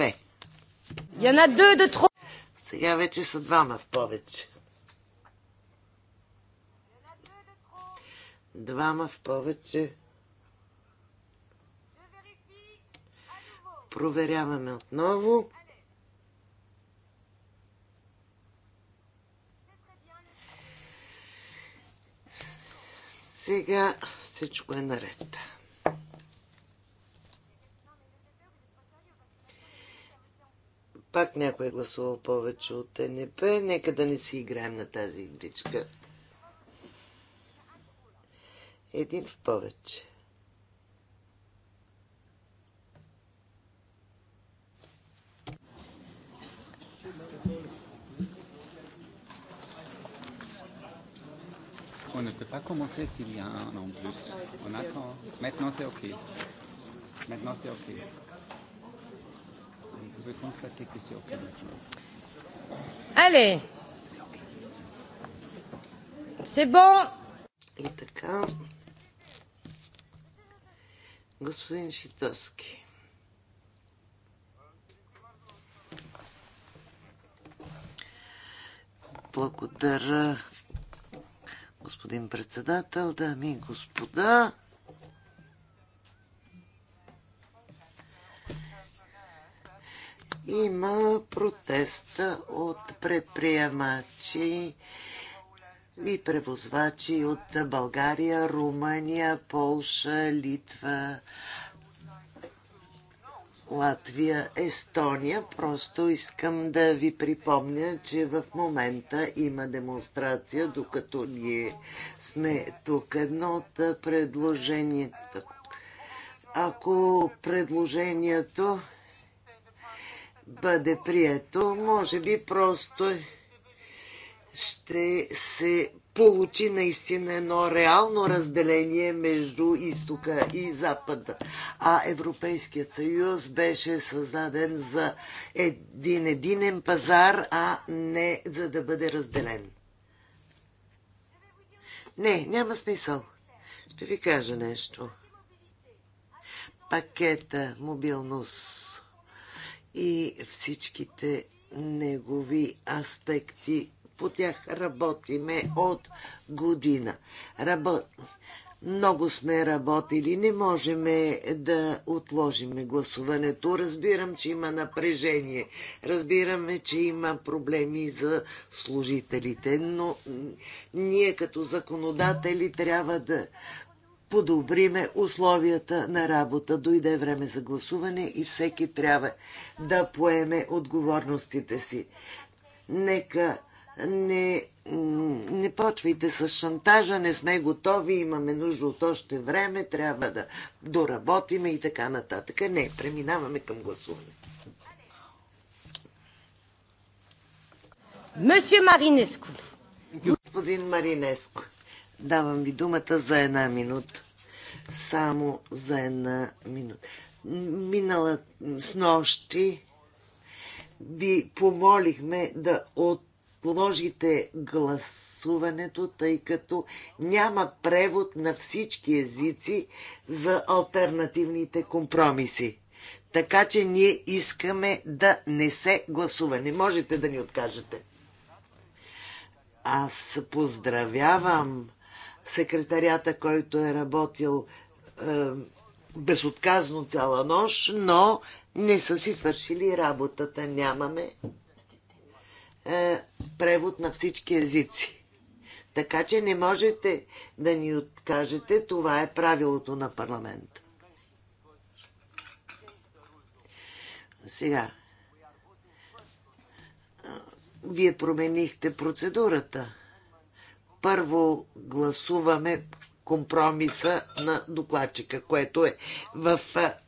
Яна deux Сега вече са двама в повече. Двама в повече. Проверяваме отново. Сега всичко е наред. пак някой е гласувал повече от НП. Нека да не си играем на тази игричка. Един в повече. On ne peut pas commencer s'il y a un en plus. On attend. Maintenant c'est ok. Maintenant c'est ok pouvez constater que Allez C'est bon И така, господин Шитовски. Благодаря, господин председател, дами и господа. има протест от предприемачи и превозвачи от България, Румъния, Полша, Литва, Латвия, Естония. Просто искам да ви припомня, че в момента има демонстрация, докато ние сме тук. Едно от предложението. Ако предложението бъде прието. Може би просто ще се получи наистина едно реално разделение между изтока и запада. А Европейският съюз беше създаден за един единен пазар, а не за да бъде разделен. Не, няма смисъл. Ще ви кажа нещо. Пакета мобилност и всичките негови аспекти. По тях работиме от година. Рабо... Много сме работили, не можем да отложим гласуването. Разбирам, че има напрежение, разбираме, че има проблеми за служителите, но ние като законодатели трябва да подобриме условията на работа. Дойде време за гласуване и всеки трябва да поеме отговорностите си. Нека не, не почвайте с шантажа, не сме готови, имаме нужда от още време, трябва да доработиме и така нататък. Не, преминаваме към гласуване. Мъсю Маринеско. Господин Маринеско. Давам ви думата за една минута. Само за една минута. Минала с нощи ви помолихме да отложите гласуването, тъй като няма превод на всички езици за альтернативните компромиси. Така че ние искаме да не се гласува. Не можете да ни откажете. Аз поздравявам секретарята, който е работил е, безотказно цяла нощ, но не са си свършили работата. Нямаме е, превод на всички езици. Така че не можете да ни откажете. Това е правилото на парламента. Сега. Е, вие променихте процедурата първо гласуваме компромиса на докладчика, което е в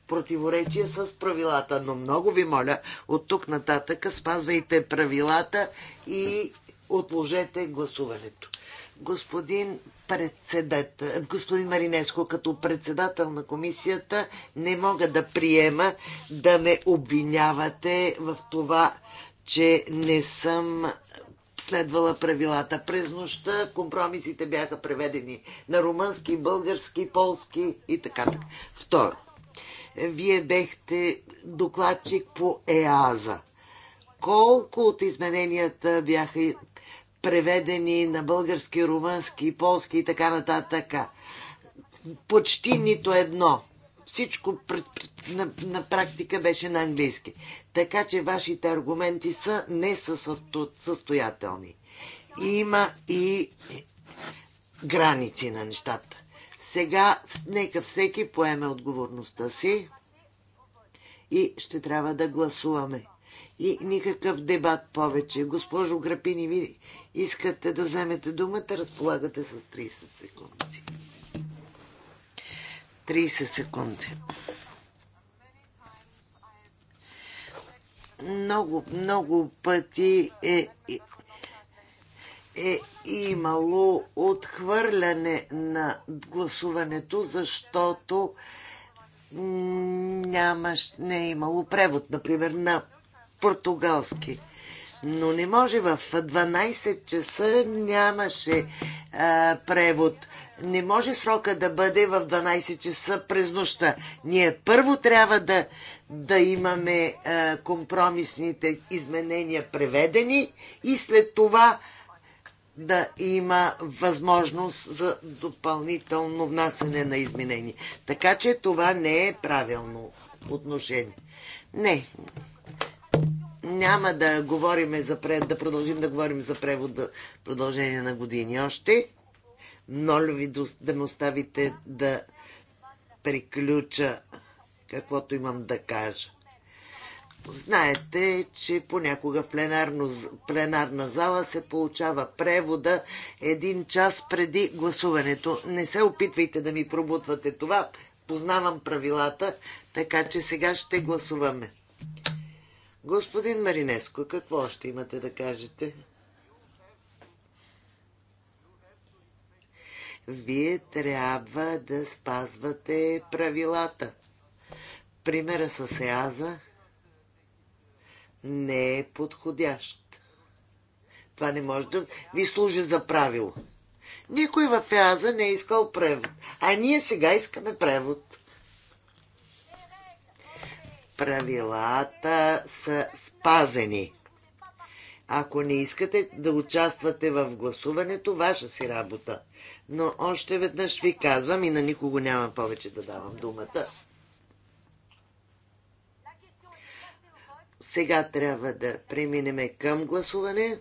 противоречие с правилата. Но много ви моля, от тук нататък спазвайте правилата и отложете гласуването. Господин председат, господин Маринеско, като председател на комисията, не мога да приема да ме обвинявате в това, че не съм следвала правилата. През нощта компромисите бяха преведени на румънски, български, полски и така. така. Второ, вие бехте докладчик по ЕАЗа. Колко от измененията бяха преведени на български, румънски, полски и така нататък? Почти нито едно всичко през, на, на практика беше на английски. Така че вашите аргументи са несъстоятелни. Има и граници на нещата. Сега нека всеки поеме отговорността си и ще трябва да гласуваме. И никакъв дебат повече. Госпожо Грапини, ви искате да вземете думата, разполагате с 30 секунди. 30 секунди. Много, много пъти е, е, е имало отхвърляне на гласуването, защото нямаш, не е имало превод, например, на португалски. Но не може в 12 часа нямаше а, превод не може срока да бъде в 12 часа през нощта. Ние първо трябва да, да имаме е, компромисните изменения преведени и след това да има възможност за допълнително внасене на изменения. Така че това не е правилно отношение. Не. Няма да говорим за пред, да продължим да говорим за превод да, продължение на години още. Моля ви да ме оставите да приключа каквото имам да кажа. Знаете, че понякога в пленарно, пленарна зала се получава превода един час преди гласуването. Не се опитвайте да ми пробутвате това. Познавам правилата, така че сега ще гласуваме. Господин Маринеско, какво още имате да кажете? вие трябва да спазвате правилата. Примера с Еаза не е подходящ. Това не може да ви служи за правило. Никой в Еаза не е искал превод, а ние сега искаме превод. Правилата са спазени. Ако не искате да участвате в гласуването, ваша си работа. Но още веднъж ви казвам и на никого няма повече да давам думата. Сега трябва да преминеме към гласуване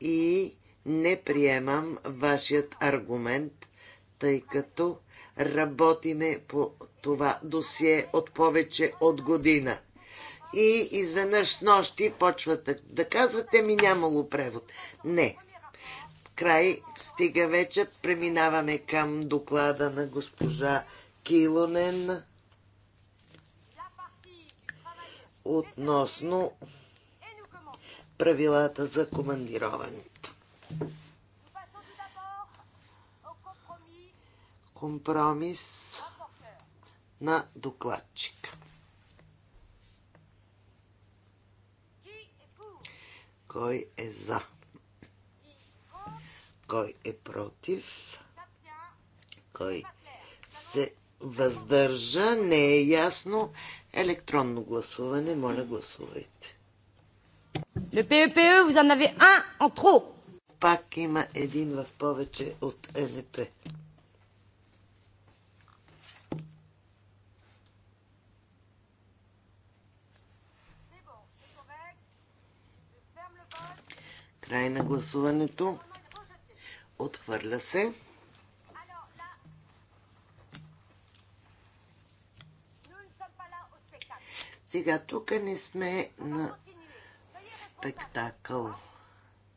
и не приемам вашият аргумент, тъй като работиме по това досие от повече от година. И изведнъж с нощи почвате да казвате ми нямало превод. Не, край стига вече. Преминаваме към доклада на госпожа Килонен относно правилата за командироването. Компромис на докладчика. Кой е за? Кой е против? Кой се въздържа? Не е ясно. Електронно гласуване. Моля, гласувайте. Le PEPE, e, vous en avez un en trop. Пак има един в повече от НП. Край на гласуването. Отхвърля се. Сега тук не сме на спектакъл.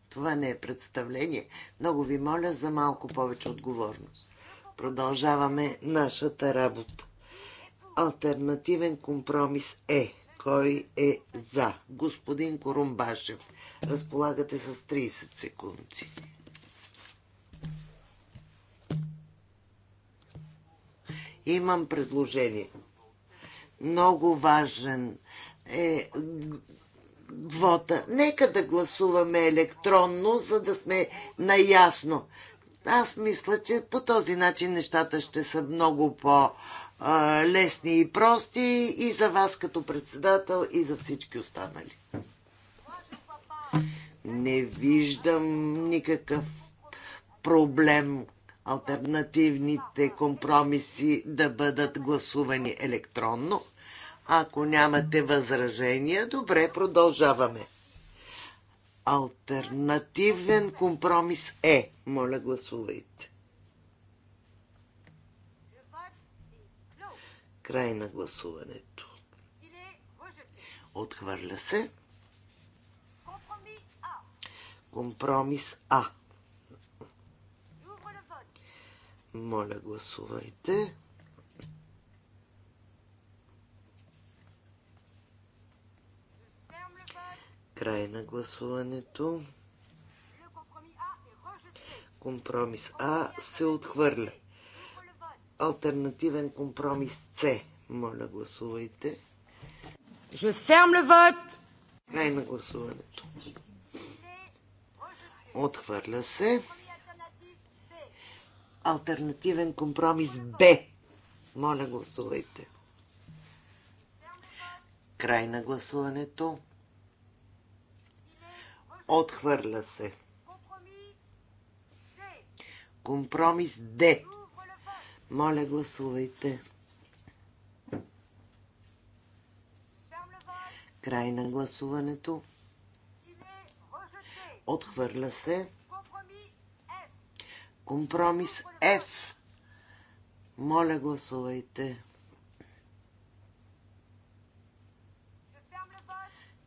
Това не е представление. Много ви моля за малко повече отговорност. Продължаваме нашата работа. Алтернативен компромис е. Кой е за? Господин Корумбашев. Разполагате с 30 секунди. Имам предложение. Много важен е вота. Нека да гласуваме електронно, за да сме наясно. Аз мисля, че по този начин нещата ще са много по-лесни и прости и за вас като председател, и за всички останали. Не виждам никакъв проблем альтернативните компромиси да бъдат гласувани електронно. Ако нямате възражения, добре, продължаваме. Альтернативен компромис е. Моля, гласувайте. Край на гласуването. Отхвърля се. Компромис А. Моля, гласувайте. Край на гласуването. Компромис А се отхвърля. Алтернативен компромис С. Моля, гласувайте. Je ferme le vote. Край на гласуването. Отхвърля се. Альтернативен компромис Б. Моля, гласувайте. Край на гласуването. Отхвърля се. Компромис Д. Моля, гласувайте. Край на гласуването. Отхвърля се. Компромис F. Моля, гласувайте.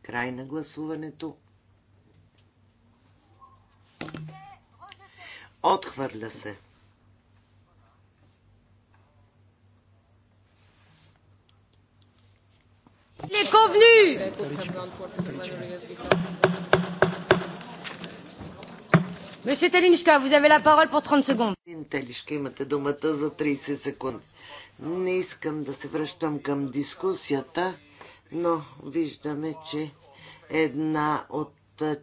Край на гласуването. Отхвърля се. Les convenus! Месье Телишка, vous avez la parole pour 30 secondes. Телишка, имате думата за 30 секунди. Не искам да се връщам към дискусията, но виждаме, че една от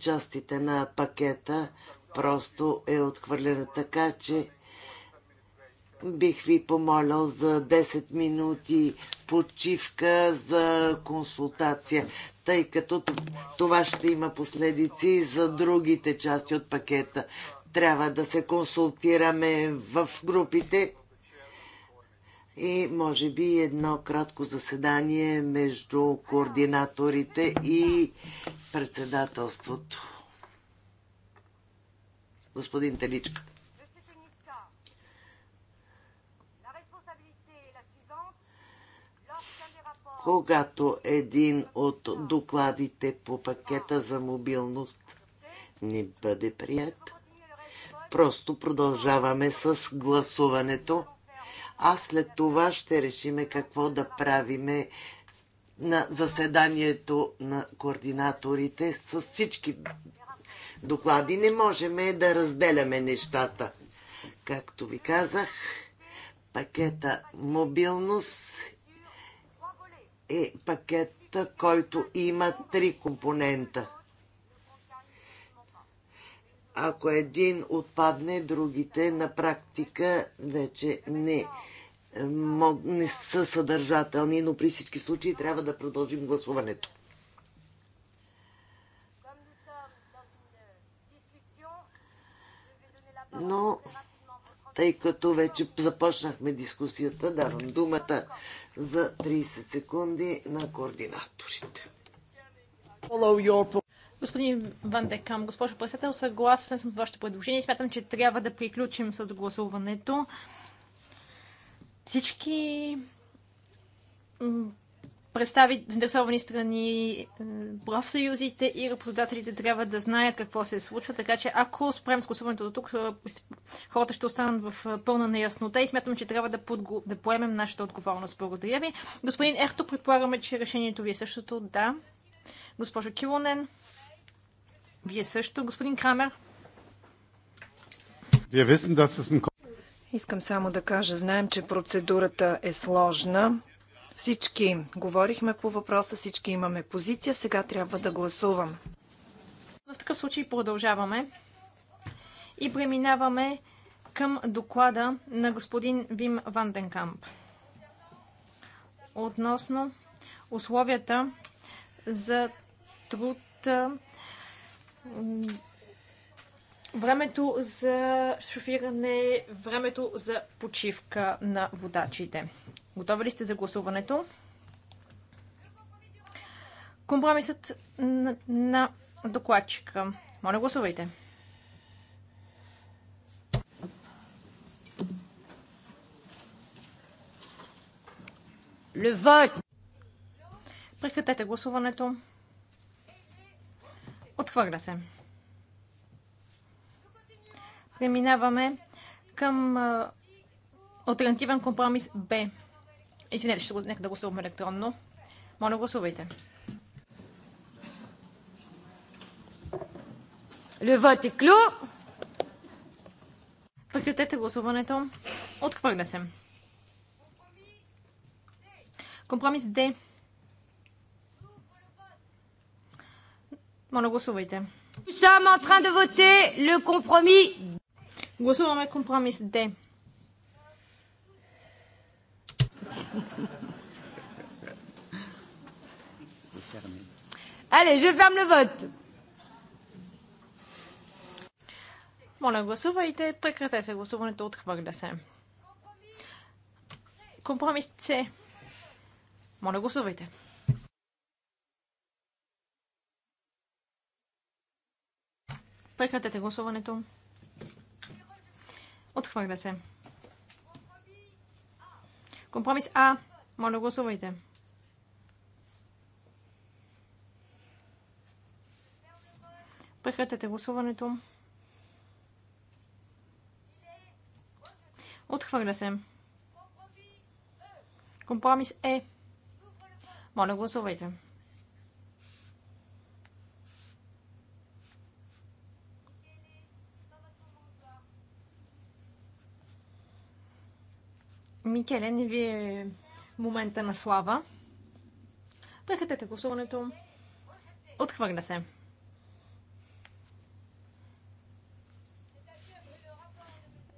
частите на пакета просто е отхвърлена така, че бих ви помолял за 10 минути почивка за консултация тъй като това ще има последици за другите части от пакета. Трябва да се консултираме в групите и може би едно кратко заседание между координаторите и председателството. Господин Теличка. когато един от докладите по пакета за мобилност не бъде прият. Просто продължаваме с гласуването, а след това ще решиме какво да правиме на заседанието на координаторите с всички доклади. Не можем да разделяме нещата. Както ви казах, пакета мобилност е пакет, който има три компонента. Ако един отпадне, другите на практика вече не, е, не са съдържателни, но при всички случаи трябва да продължим гласуването. Но тъй като вече започнахме дискусията, давам думата за 30 секунди на координаторите. Господин Ван Декам, госпожо председател, съгласен съм с вашето предложение. Смятам, че трябва да приключим с гласуването. Всички представи заинтересовани страни, е, профсъюзите и работодателите трябва да знаят какво се случва, така че ако спрем с гласуването до тук, е, хората ще останат в е, пълна неяснота и смятам, че трябва да, подго... да поемем нашата отговорност. Благодаря ви. Господин Ехто, предполагаме, че решението ви е същото. Да. Госпожо Килонен, вие също. Господин Крамер. Вие да се Искам само да кажа, знаем, че процедурата е сложна. Всички говорихме по въпроса, всички имаме позиция, сега трябва да гласуваме. В такъв случай продължаваме и преминаваме към доклада на господин Вим Ванденкамп относно условията за труд, времето за шофиране, времето за почивка на водачите. Готови ли сте за гласуването? Компромисът на, на докладчика. Моля, гласувайте. Прекратете гласуването. Отхвърля се. Преминаваме към альтернативен компромис Б. Извинете, ще го, нека да гласуваме електронно. Моля, гласувайте. Левът е клю. Прекратете гласуването. Отхвърля се. Компромис Д. Моля, гласувайте. Nous sommes en train de voter le compromis. Гласуваме компромис Д. Allez, je ferme le vote. Моля, гласувайте. Прекратете гласуването. Отхвърля се. Компромис С. Моля, гласувайте. Прекратете гласуването. Отхвърля се. Компромис А. Моля, гласувайте. Прекратете гласуването. Отхвърля се. Компромис Е. Моля, гласувайте. Микеле, не ви е момента на слава. Прекратете гласуването. Отхвърля се.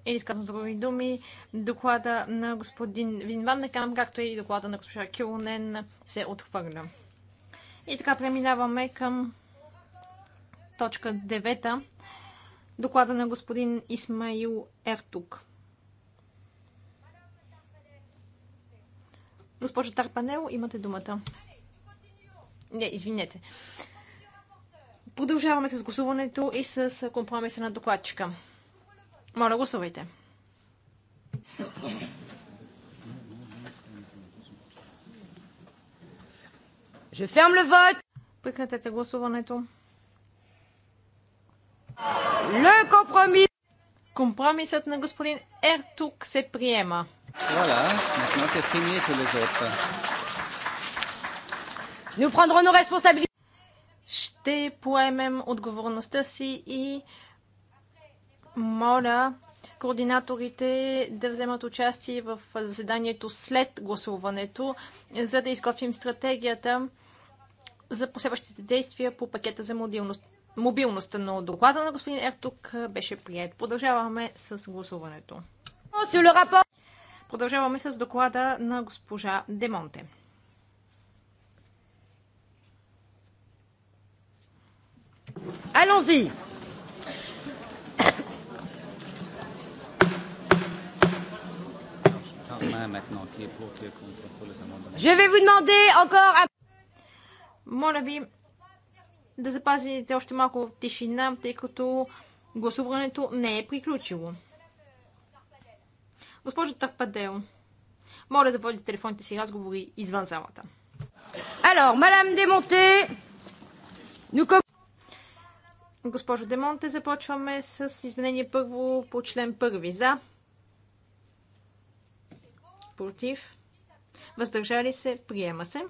или изказвам с други думи, доклада на господин Винван Некам, както и доклада на госпожа Килонен се отхвърля. И така преминаваме към точка 9. Доклада на господин Исмаил Ертук. Госпожо Тарпанел, имате думата. Не, извинете. Продължаваме с гласуването и с компромиса на докладчика. Моля, гласувайте. Je ferme le vote. Прекратете гласуването. Le compromis. Компромисът на господин Ертук се приема. Voilà, maintenant c'est fini pour les autres. Nous prendrons nos responsabilités. Ще поемем отговорността си и моля координаторите да вземат участие в заседанието след гласуването, за да изготвим стратегията за последващите действия по пакета за мобилност. Мобилността, но доклада на господин Ертук беше прият. Продължаваме с гласуването. Продължаваме с доклада на госпожа Демонте. Allons-y Je vais vous demander encore un... Моля ви да запазите още малко тишина, тъй като гласуването не е приключило. Госпожо Тарпадео, моля да водите телефонните си разговори извън залата. Alors, мадам Демонте, nous... Госпожо Демонте, започваме с изменение първо по член първи. За. Против. Въздържали се. Приема се.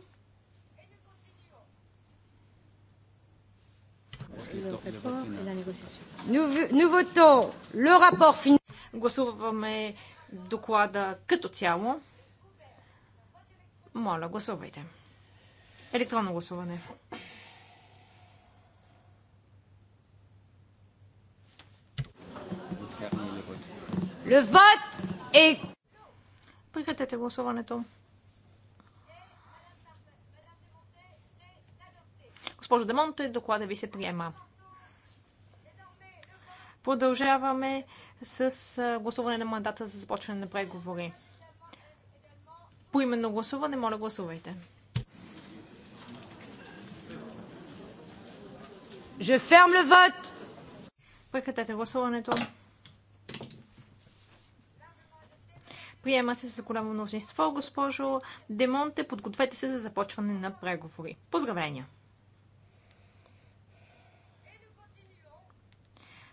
Гласуваме доклада като цяло. Моля, гласувайте. Електронно гласуване. Левът е... Прекратете гласуването. Госпожо Демонте, доклада ви се приема. Продължаваме с гласуване на мандата за започване на преговори. По именно гласуване, моля гласувайте. Je ferme le vote. Прекратете гласуването. Приема се с голямо мнозинство, госпожо Демонте. Подгответе се за започване на преговори. Поздравления!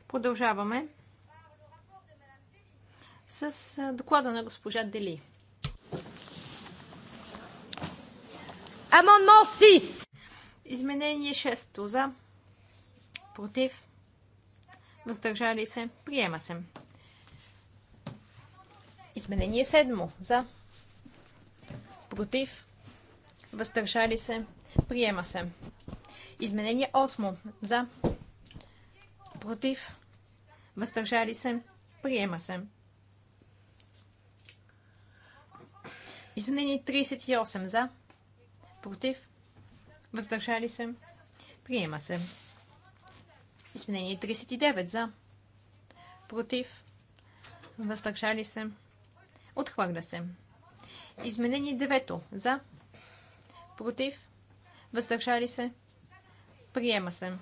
Продължаваме с доклада на госпожа Дели. Амон 6! Изменение 6 за. Против. Въздържали се. Приема се. Изменение 7 за. Против. Въздържали се. Приема се. Изменение 8 за против, въздържали се, приема се. Извинени 38 за, против, въздържали се, приема се. Извинени 39 за, против, въздържали се, отхвърля се. Изменение 9 за, против, въздържали се, приема се.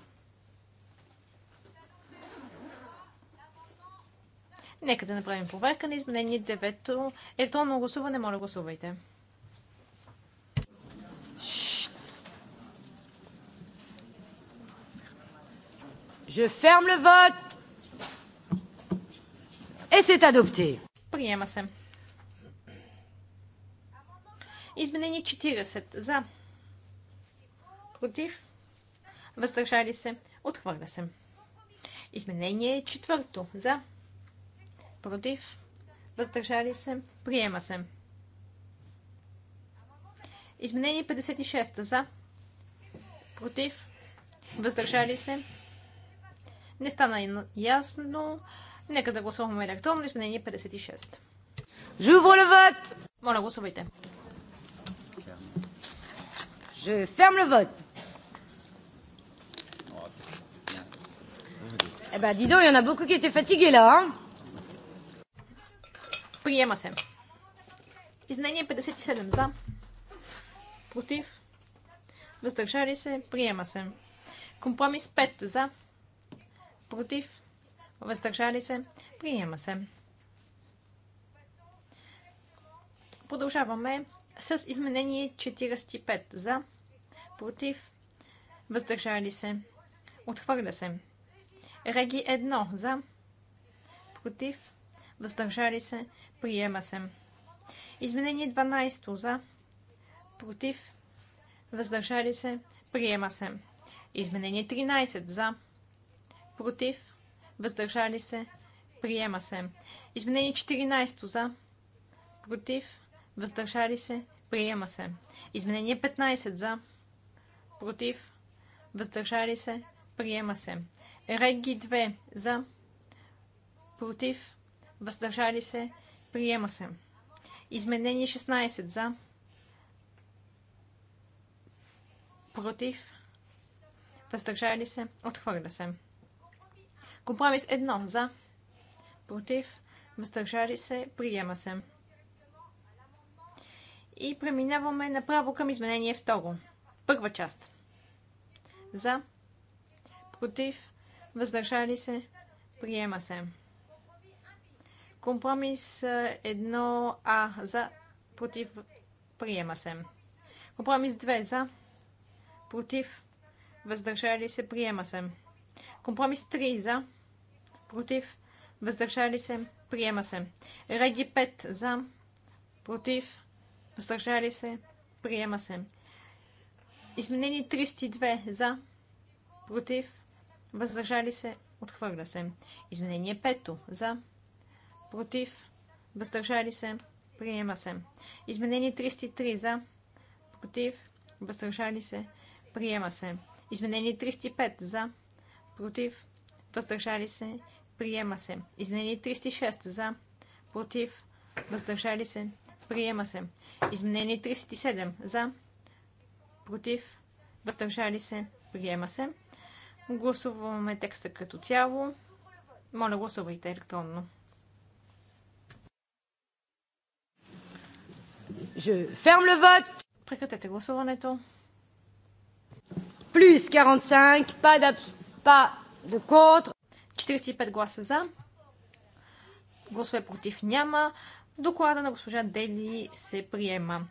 Нека да направим проверка на изменение 9. Електронно гласуване, моля гласувайте. Je ferme le vote. Et c'est adopté. Приема се. Изменение 40. За. Против. Въздържали се. Отхвърля се. Изменение четвърто. За против, въздържали се, приема се. Изменение 56 за, против, въздържали се. Не стана ясно. Нека да гласуваме електронно изменение 56. Живо левът! Моля, гласувайте. Je ferme le vote. Oh, eh ben, dis donc, il y en a beaucoup qui étaient fatigués là. Hein Приема се. Изменение 57 за. Против. Въздържали се. Приема се. Компромис 5 за. Против. Въздържали се. Приема се. Продължаваме с изменение 45 за. Против. Въздържали се. Отхвърля се. Реги 1 за. Против. Въздържали се. Приема се. Изменение 12 за. Против. Въздържали се. Приема се. Изменение 13 за. Против. Въздържали се. Приема се. Изменение 14 за. Против. Въздържали се. Приема се. Изменение 15 за. Против. Въздържали се. Приема се. Реги 2 за. Против. Въздържали се. Приема се. Изменение 16 за. Против. Въздържали се. Отхвърля се. Компромис 1 за. Против. Въздържали се. Приема се. И преминаваме направо към изменение 2. Първа част. За. Против. Въздържали се. Приема се. Компромис 1А за, против, приема се. Компромис 2 за, против, въздържали се, приема се. Компромис 3 за, против, въздържали се, приема се. Реги 5 за, против, въздържали се, приема се. Изменени 32 за, против, въздържали се, отхвърля се. Изменение 5 за, против, против, въздържали се, приема се. Изменение 303 за, против, въздържали се, приема се. Изменение 305 за, против, въздържали се, приема се. Изменение 306 за, против, въздържали се, приема се. Изменение 37 за, против, въздържали се, приема се. Гласуваме текста като цяло. Моля, гласувайте електронно. Je ferme le vote. Прекратете гласуването. Плюс 45, pas de, pas de contre. 45 гласа за. Гласове против няма. Доклада на госпожа Дели се приема.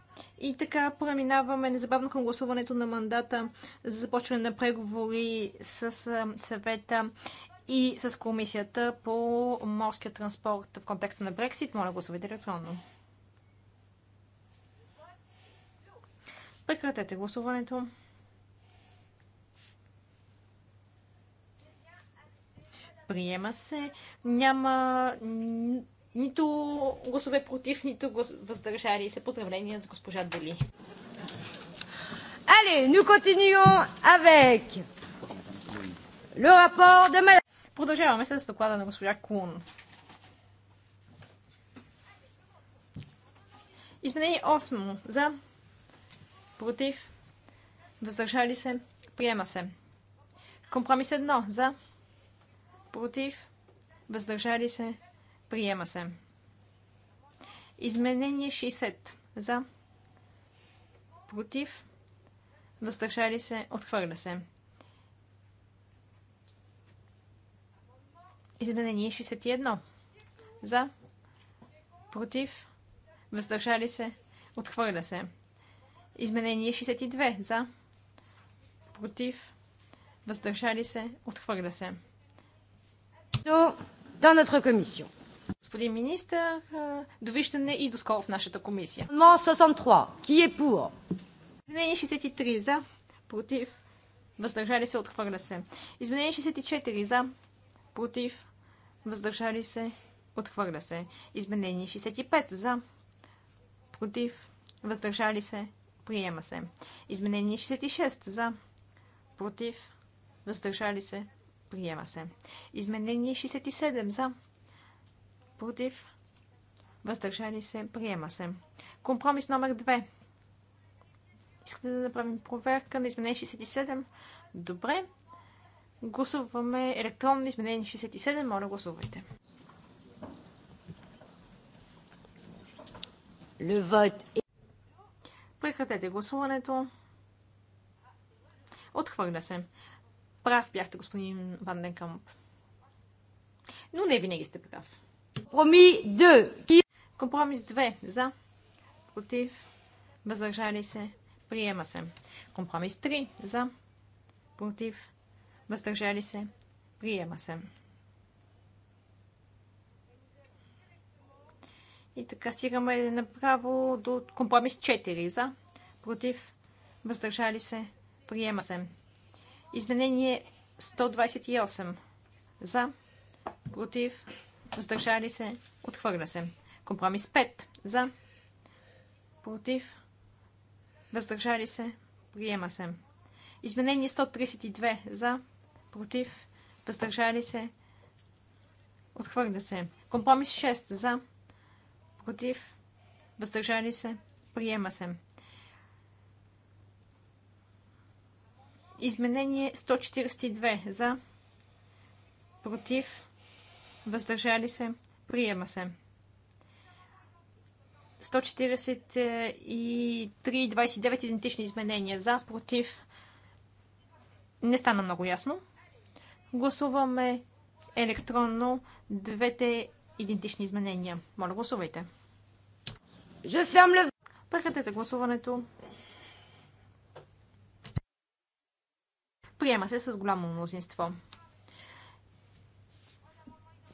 И така преминаваме незабавно към гласуването на мандата за започване на преговори с съвета и с комисията по морския транспорт в контекста на Брексит. Моля, гласувайте електронно. Прекратете гласуването. Приема се. Няма нито гласове против, нито въздържали се. Поздравления за госпожа Дали. Але, ну континуем авек. le рапор de Продължаваме с доклада на госпожа Кун. Изменение 8. За против, въздържали се, приема се. Компромис 1 за, против, въздържали се, приема се. Изменение 60 за, против, въздържали се, отхвърля се. Изменение 61 за, против, въздържали се, отхвърля се. Изменение 62 за. Против. Въздържали се. Отхвърля се. До, до notre комисия. Господин министър, довиждане и скоро в нашата комисия. Мо 63. Ки е pour? Изменение 63 за. Против. Въздържали се. Отхвърля се. Изменение 64 за. Против. Въздържали се. Отхвърля се. Изменение 65 за. Против. Въздържали се. Приема се. Изменение 66 за. Против. Въздържали се. Приема се. Изменение 67 за. Против. Въздържали се. Приема се. Компромис номер 2. Искате да направим проверка на изменение 67? Добре. Гласуваме електронно изменение 67. Моля, гласувайте. Le vote Прекратете гласуването. Отхвърля се. Прав бяхте, господин Ванденкамп. Но не винаги сте прав. 2. Компромис 2. За. Против. Въздържали се. Приема се. Компромис 3. За. Против. Въздържали се. Приема се. И така стигаме направо до компромис 4 за, против, въздържали се, приема се. Изменение 128 за, против, въздържали се, отхвърля се. Компромис 5 за, против, въздържали се, приема се. Изменение 132 за, против, въздържали се, отхвърля се. Компромис 6 за, против, против, въздържали се, приема се. Изменение 142 за, против, въздържали се, приема се. 143 и 29 идентични изменения за, против. Не стана много ясно. Гласуваме електронно двете идентични изменения. Моля, гласувайте. Прекратете гласуването. Приема се с голямо мнозинство.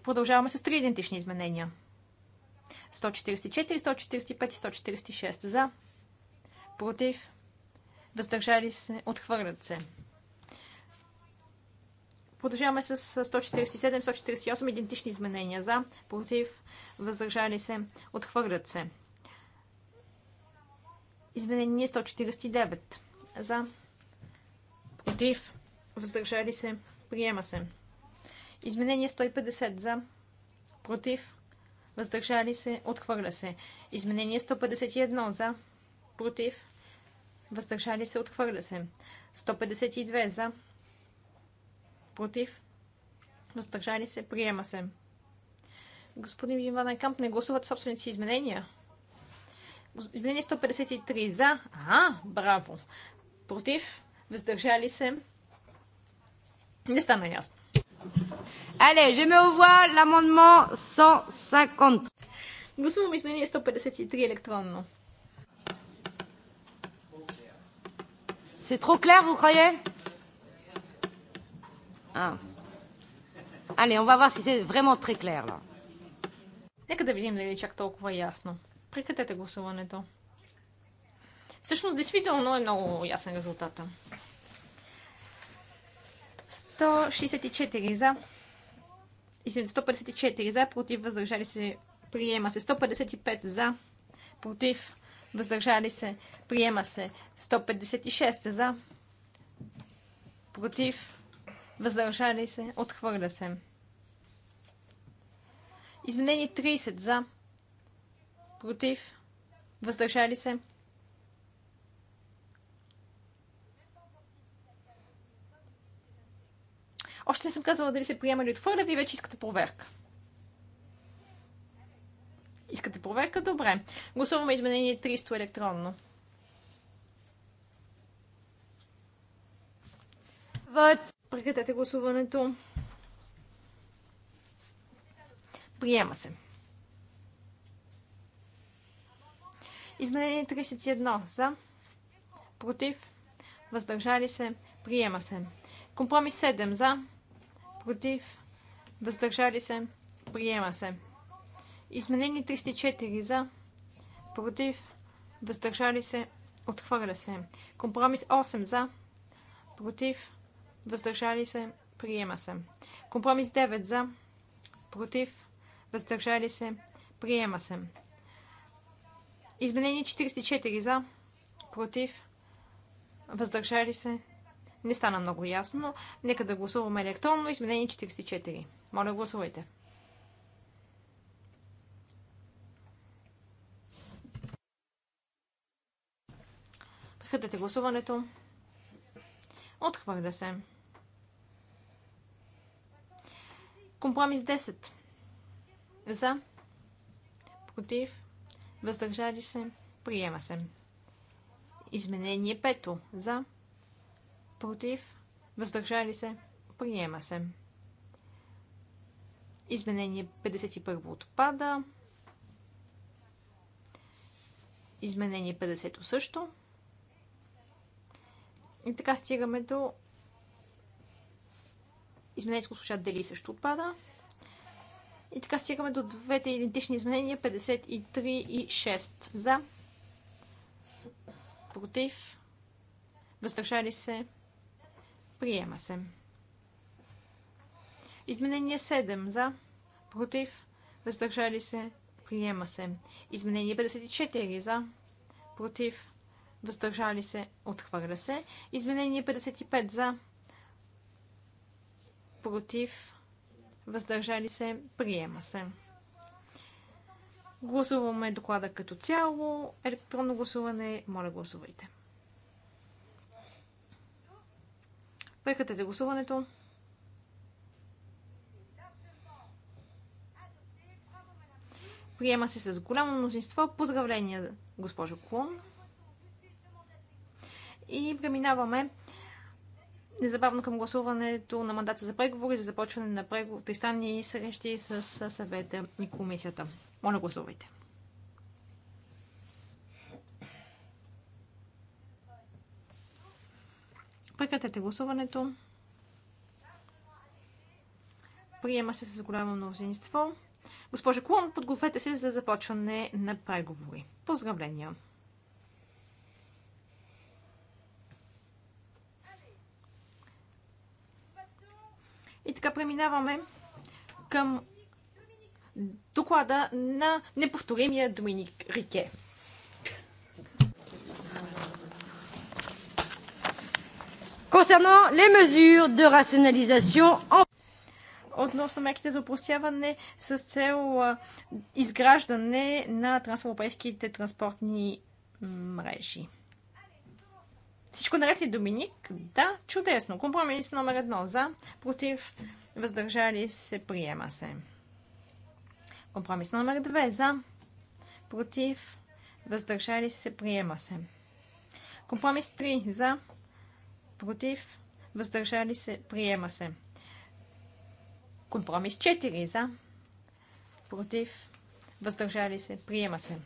Продължаваме с три идентични изменения. 144, 145 и 146 за, против, въздържали се, отхвърлят се. Продължаваме с 147, 148 идентични изменения за, против, въздържали се, отхвърлят се. Изменение 149 за, против, въздържали се, приема се. Изменение 150 за, против, въздържали се, отхвърля се. Изменение 151 за, против, въздържали се, отхвърля се. 152 за, против, въздържали се, приема се. Господин Иван Камп, не гласуват собственици изменения. Изменение 153 за. А, браво. Против, въздържали се. Не стана ясно. Але, je me revois l'amendement 150. Гласувам изменение 153 електронно. C'est trop clair, vous croyez Hein. Ah. Allez, on va voir si c'est vraiment très clair, là. Нека да видим дали е чак толкова ясно. Прекратете гласуването. Всъщност, действително е много ясен резултата. 164 за. 154 за, против, въздържали се, приема се. 155 за, против, въздържали се, приема се. 156 за, против, въздържали се, отхвърля се. Изменение 30 за, против, въздържали се. Още не съм казала дали се приема или отхвърля, вие вече искате проверка. Искате проверка? Добре. Гласуваме изменение 300 електронно. Вот. Прекратете гласуването. Приема се. Изменение 31 за, против, въздържали се, приема се. Компромис 7 за, против, въздържали се, приема се. Изменение 34 за, против, въздържали се, отхвърля се. Компромис 8 за, против, въздържали се, приема се. Компромис 9 за, против, въздържали се, приема се. Изменение 44 за, против, въздържали се. Не стана много ясно, но нека да гласуваме електронно. Изменение 44. Моля, гласувайте. Прекратете гласуването. Отхвърля се. Компромис 10. За. Против. Въздържали се. Приема се. Изменение 5. За. Против. Въздържали се. Приема се. Изменение 51 отпада. Изменение 50 също. И така стигаме до изменението госпожа Дели също отпада. И така стигаме до двете идентични изменения 53 и 6. За. Против. Въздържали се. Приема се. Изменение 7. За. Против. Въздържали се. Приема се. Изменение 54. За. Против въздържали се, отхвърля се. Изменение 55 за, против, въздържали се, приема се. Гласуваме доклада като цяло. Електронно гласуване, моля гласувайте. Прекратете гласуването. Приема се с голямо мнозинство. Поздравления, госпожо Клон и преминаваме незабавно към гласуването на мандата за преговори за започване на преговори, тристанни срещи с съвета и комисията. Моля, гласувайте. Прекратете гласуването. Приема се с голямо мнозинство. Госпожа Клон, подгответе се за започване на преговори. Поздравления! И така преминаваме към доклада на неповторимия Доминик Рике. Concernant les mesures de rationalisation en относно мерките за опросяване с цел изграждане на трансевропейските транспортни мрежи. Всичко наред ли, Доминик? Да, чудесно. Компромис номер едно. За, против, въздържали се, приема се. Компромис номер две. За, против, въздържали се, приема се. Компромис 3. За, против, въздържали се, приема се. Компромис 4. За, против, въздържали се, приема се.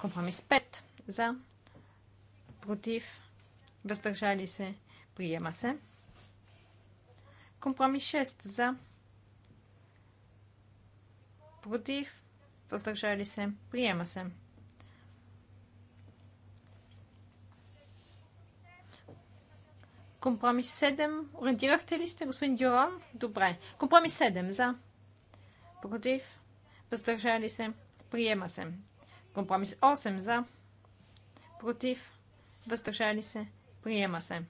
Компромис 5. За, против, въздържали се, приема се. Компромис 6 за, против, въздържали се, приема се. Компромис 7. Ориентирахте ли сте, господин Дюран? Добре. Компромис 7 за. Против. Въздържали се. Приема се. Компромис 8 за. Против. Въздържали се. Приема се.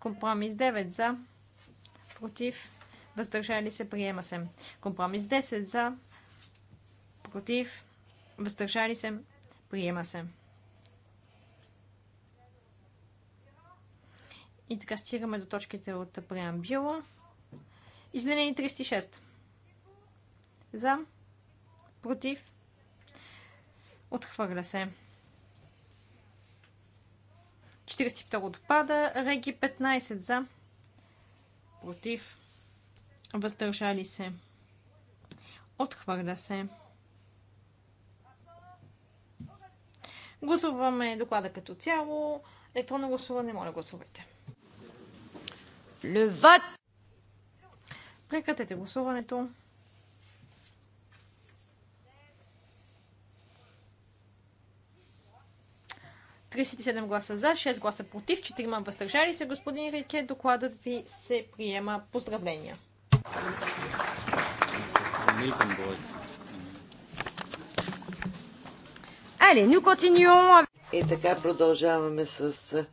Компромис 9 за. Против. Въздържали се. Приема се. Компромис 10 за. Против. Въздържали се. Приема се. И така стигаме до точките от преамбюла. Изменени 36. За. Против. Отхвърля се. 42 допада, Реги 15 за. Против. Въздържали се. Отхвърля се. Гласуваме доклада като цяло. Електронно гласуване, моля гласувайте. Прекратете гласуването. 37 гласа за, 6 гласа против, 4 въздържали се. Господин Рике, докладът ви се приема. Поздравления! Але, ну И така продължаваме с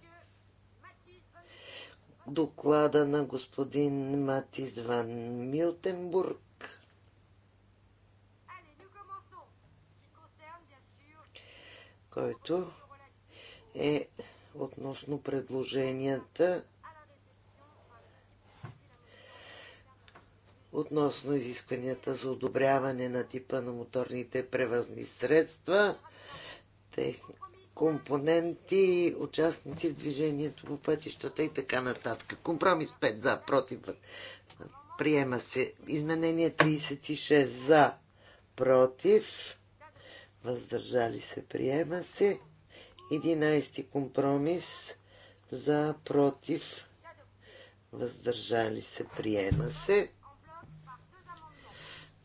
доклада на господин Матис Ван Милтенбург. който е относно предложенията относно изискванията за одобряване на типа на моторните превъзни средства, компоненти, участници в движението по пътищата и така нататък. Компромис 5 за, против. Приема се. Изменение 36 за, против. Въздържали се. Приема се. 11 компромис за, против, въздържали се, приема се.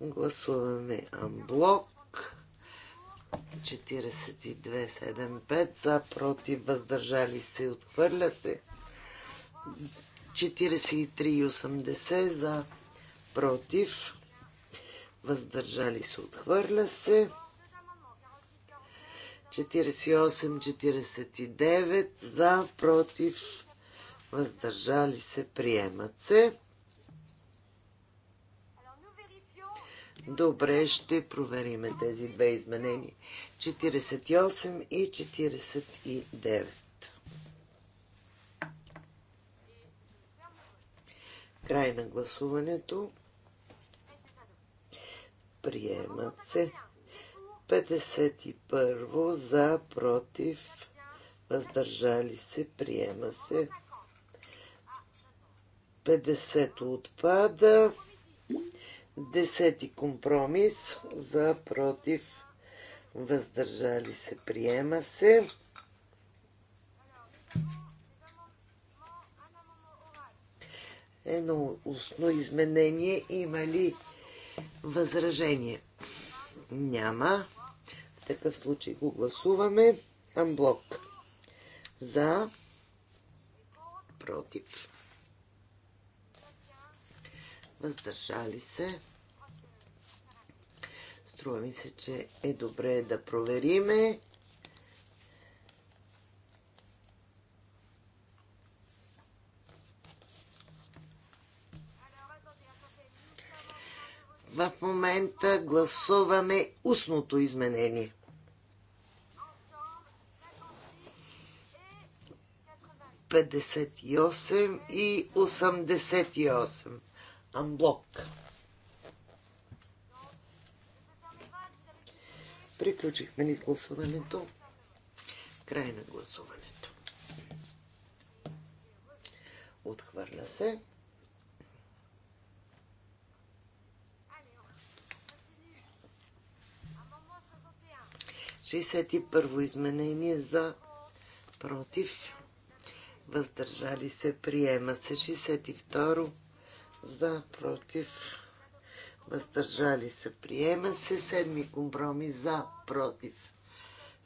Гласуваме амблок. 4275 за, против, въздържали се, отхвърля се. 43,80 за, против, въздържали се, отхвърля се. 48-49 за, против, въздържали се, приемат се. Добре, ще провериме тези две изменения. 48 и 49. Край на гласуването. Приемат се. 51 за, против, въздържали се, приема се. 50 отпада. 10 компромис за, против, въздържали се, приема се. Едно устно изменение има ли възражение? Няма такъв случай го гласуваме. Амблок. За. Против. Въздържали се. Струва ми се, че е добре да провериме. В момента гласуваме устното изменение. 58 и 88. Амблок. Приключихме ни с гласуването. Край на гласуването. Отхвърля се. Шестдесет и първо изменение за против въздържали се, приема се. 62 за, против, въздържали се, приема се. Седми компромис за, против,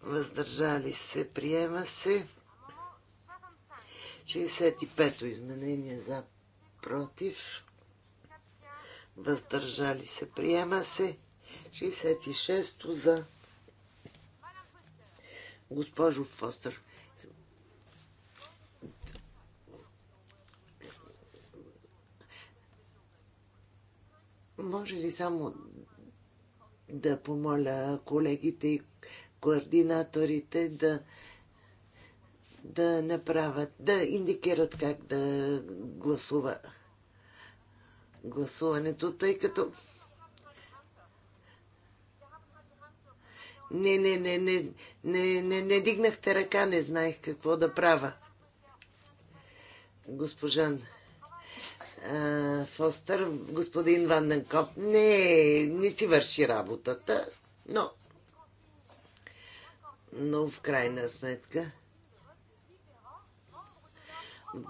въздържали се, приема се. 65-то изменение за, против, въздържали се, приема се. 66-то за, госпожо Фостер. Може ли само да помоля колегите и координаторите да да направят, да индикират как да гласува гласуването, тъй като Не, не, не, не, не, не, не дигнахте ръка, не знаех какво да правя. Госпожан. Фостър, господин Ванденкоп не, не си върши работата, но но в крайна сметка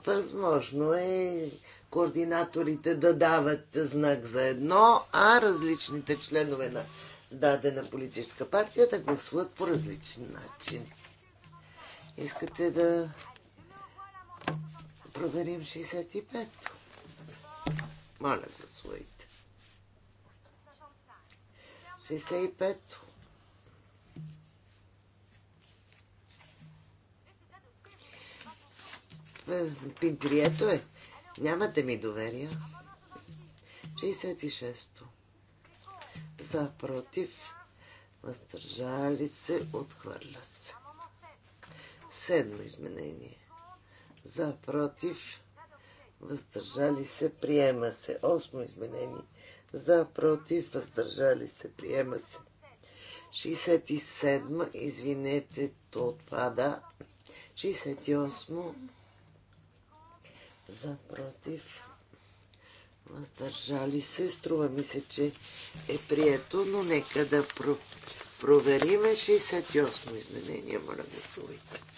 възможно е координаторите да дават знак за едно, а различните членове на дадена политическа партия да гласуват по различен начин. Искате да проверим 65-то? Моля, гласувайте. 65. Пинтрието е. Нямате ми доверие. 66-то. За, против, въздържали се, отхвърля се. Седмо изменение. За, против, въздържали се, приема се. Осмо изменение за, против, въздържали се, приема се. 67, извинете, то отпада. 68, за, против, въздържали се. Струва ми се, че е прието, но нека да про провериме 68 изменение. Моля, гласувайте. Да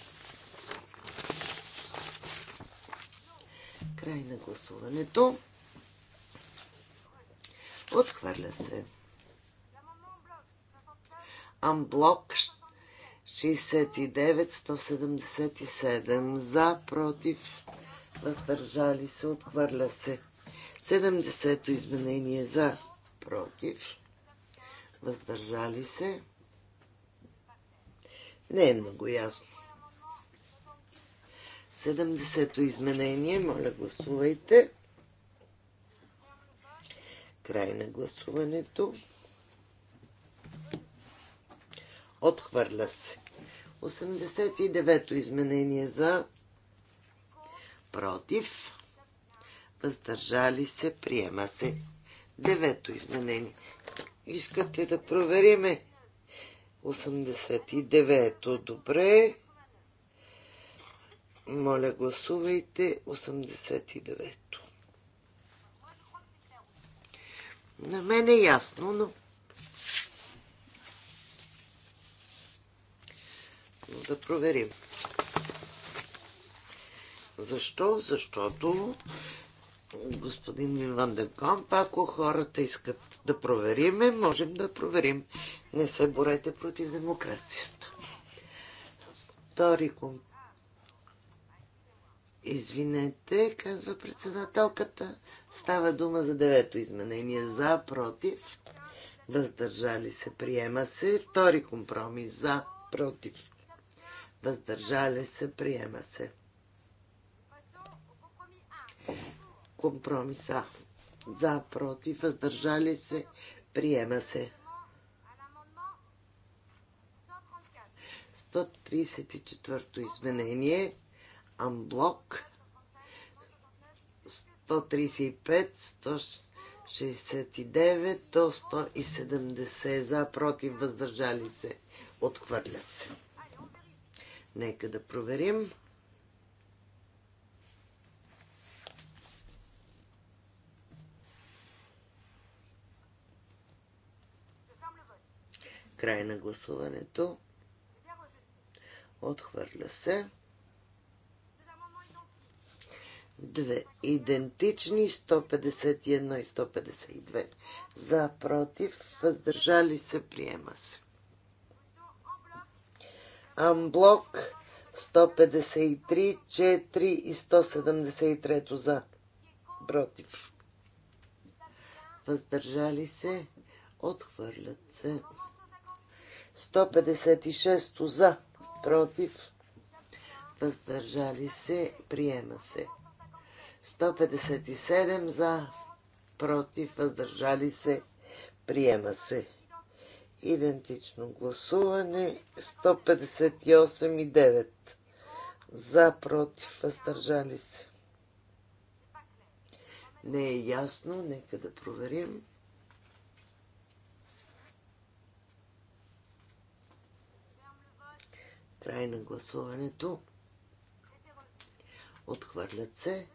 Край на гласуването. Отхвърля се. Амблок 69-177 за, против, въздържали се, отхвърля се. 70-то изменение за, против, въздържали се. Не е много ясно. 70-то изменение. Моля, гласувайте. Край на гласуването. Отхвърля се. 89-то изменение за против. Въздържали се. Приема се. Девето изменение. Искате да провериме 89-то. Добре. Моля, гласувайте 89-то. На мен е ясно, но... но да проверим. Защо? Защото господин Иван Денкомп, ако хората искат да провериме, можем да проверим. Не се борете против демокрацията. Втори компания. Извинете, казва председателката. Става дума за девето изменение. За, против. Въздържали се, приема се. Втори компромис. За, против. Въздържали се, приема се. Компромиса. За, против, въздържали се, приема се. 134-то изменение амблок 135, 169 до 170 за, против, въздържали се, отхвърля се. Нека да проверим. Край на гласуването. Отхвърля се. Две Идентични 151 и 152. За, против, въздържали се, приема се. Амблок 153, 4 и 173 за. Против. Въздържали се, отхвърлят се. 156 за. Против. Въздържали се, приема се. 157 за, против, въздържали се, приема се. Идентично гласуване 158 и 9 за, против, въздържали се. Не е ясно, нека да проверим. Край на гласуването. Отхвърлят се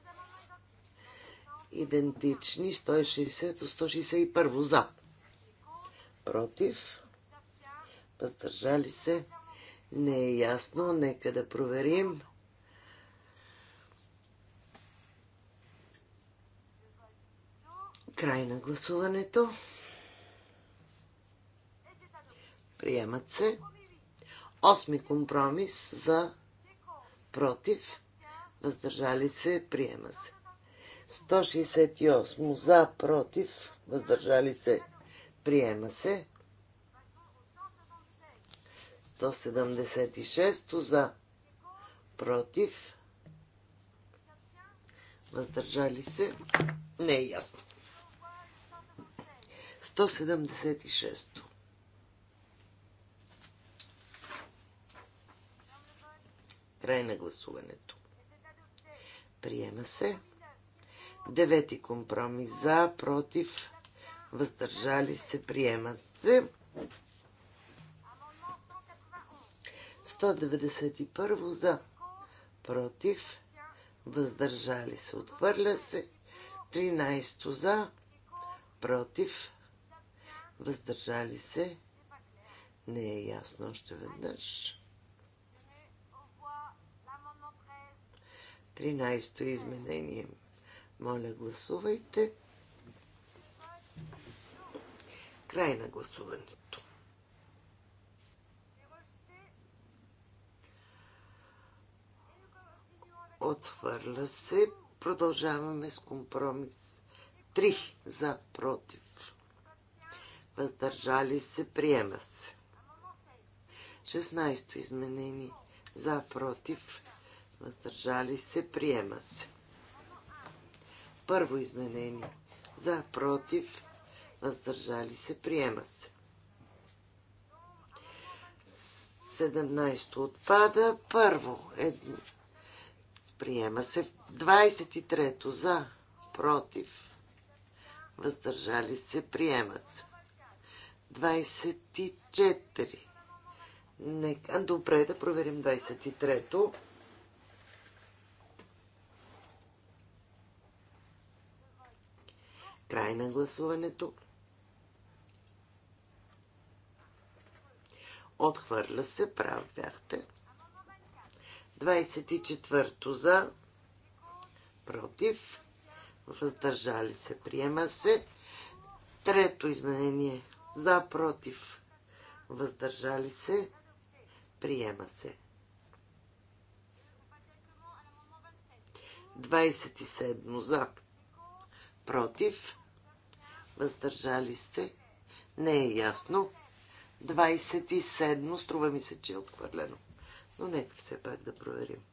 идентични 160 161 за. Против. Въздържали се. Не е ясно. Нека да проверим. Край на гласуването. Приемат се. Осми компромис за против. Въздържали се. Приема се. 168 за, против, въздържали се, приема се. 176 за, против, въздържали се, не е ясно. 176 Край на гласуването. Приема се. Девети компромис за, против, въздържали се, приемат се. 191 за, против, въздържали се, отхвърля се. 13 за, против, въздържали се. Не е ясно още веднъж. 13 изменение. Моля, гласувайте. Край на гласуването. Отвърля се. Продължаваме с компромис. Три за против. Въздържали се. Приема се. 16 изменение. За против. Въздържали се. Приема се. Първо изменение. За, против, въздържали се, приема се. 17 отпада. Първо, едно. Приема се 23-то за, против, въздържали се, приема се. 24. Нека, добре, да проверим 23-то. Край на гласуването. Отхвърля се, прав бяхте. 24-то за, против, въздържали се, приема се. Трето изменение за, против, въздържали се, приема се. 27 за, против, въздържали сте, не е ясно. 27 струва ми се, че е отхвърлено. Но нека все пак да проверим.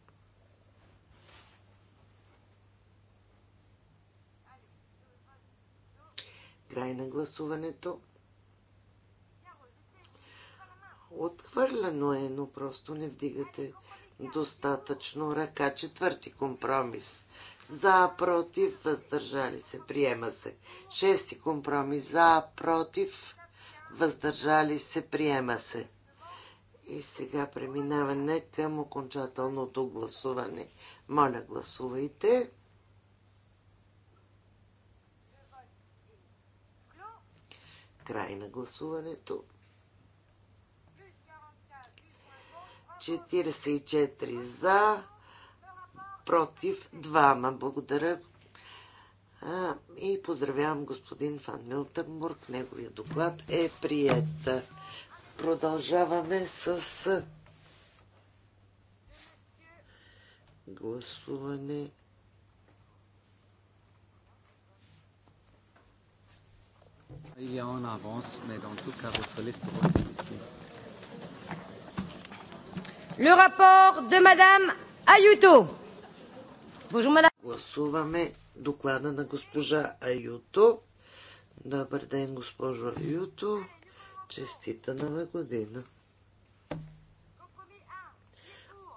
Край на гласуването. Отхвърлено е, но просто не вдигате достатъчно ръка. Четвърти компромис. За, против, въздържали се. Приема се. Шести компромис. За, против, въздържали се. Приема се. И сега преминаване към окончателното гласуване. Моля, гласувайте. Край на гласуването. 44 за, против 2. Благодаря а, и поздравявам господин Фан Милтенбург. Неговия доклад е прият. Продължаваме с гласуване. Il y a un avance, mais dans tout cas, votre liste est ici. Le rapport de Madame Аюто. Bonjour, madame. Гласуваме доклада на госпожа Аюто. Добър ден, госпожо Аюто. Честита нова година.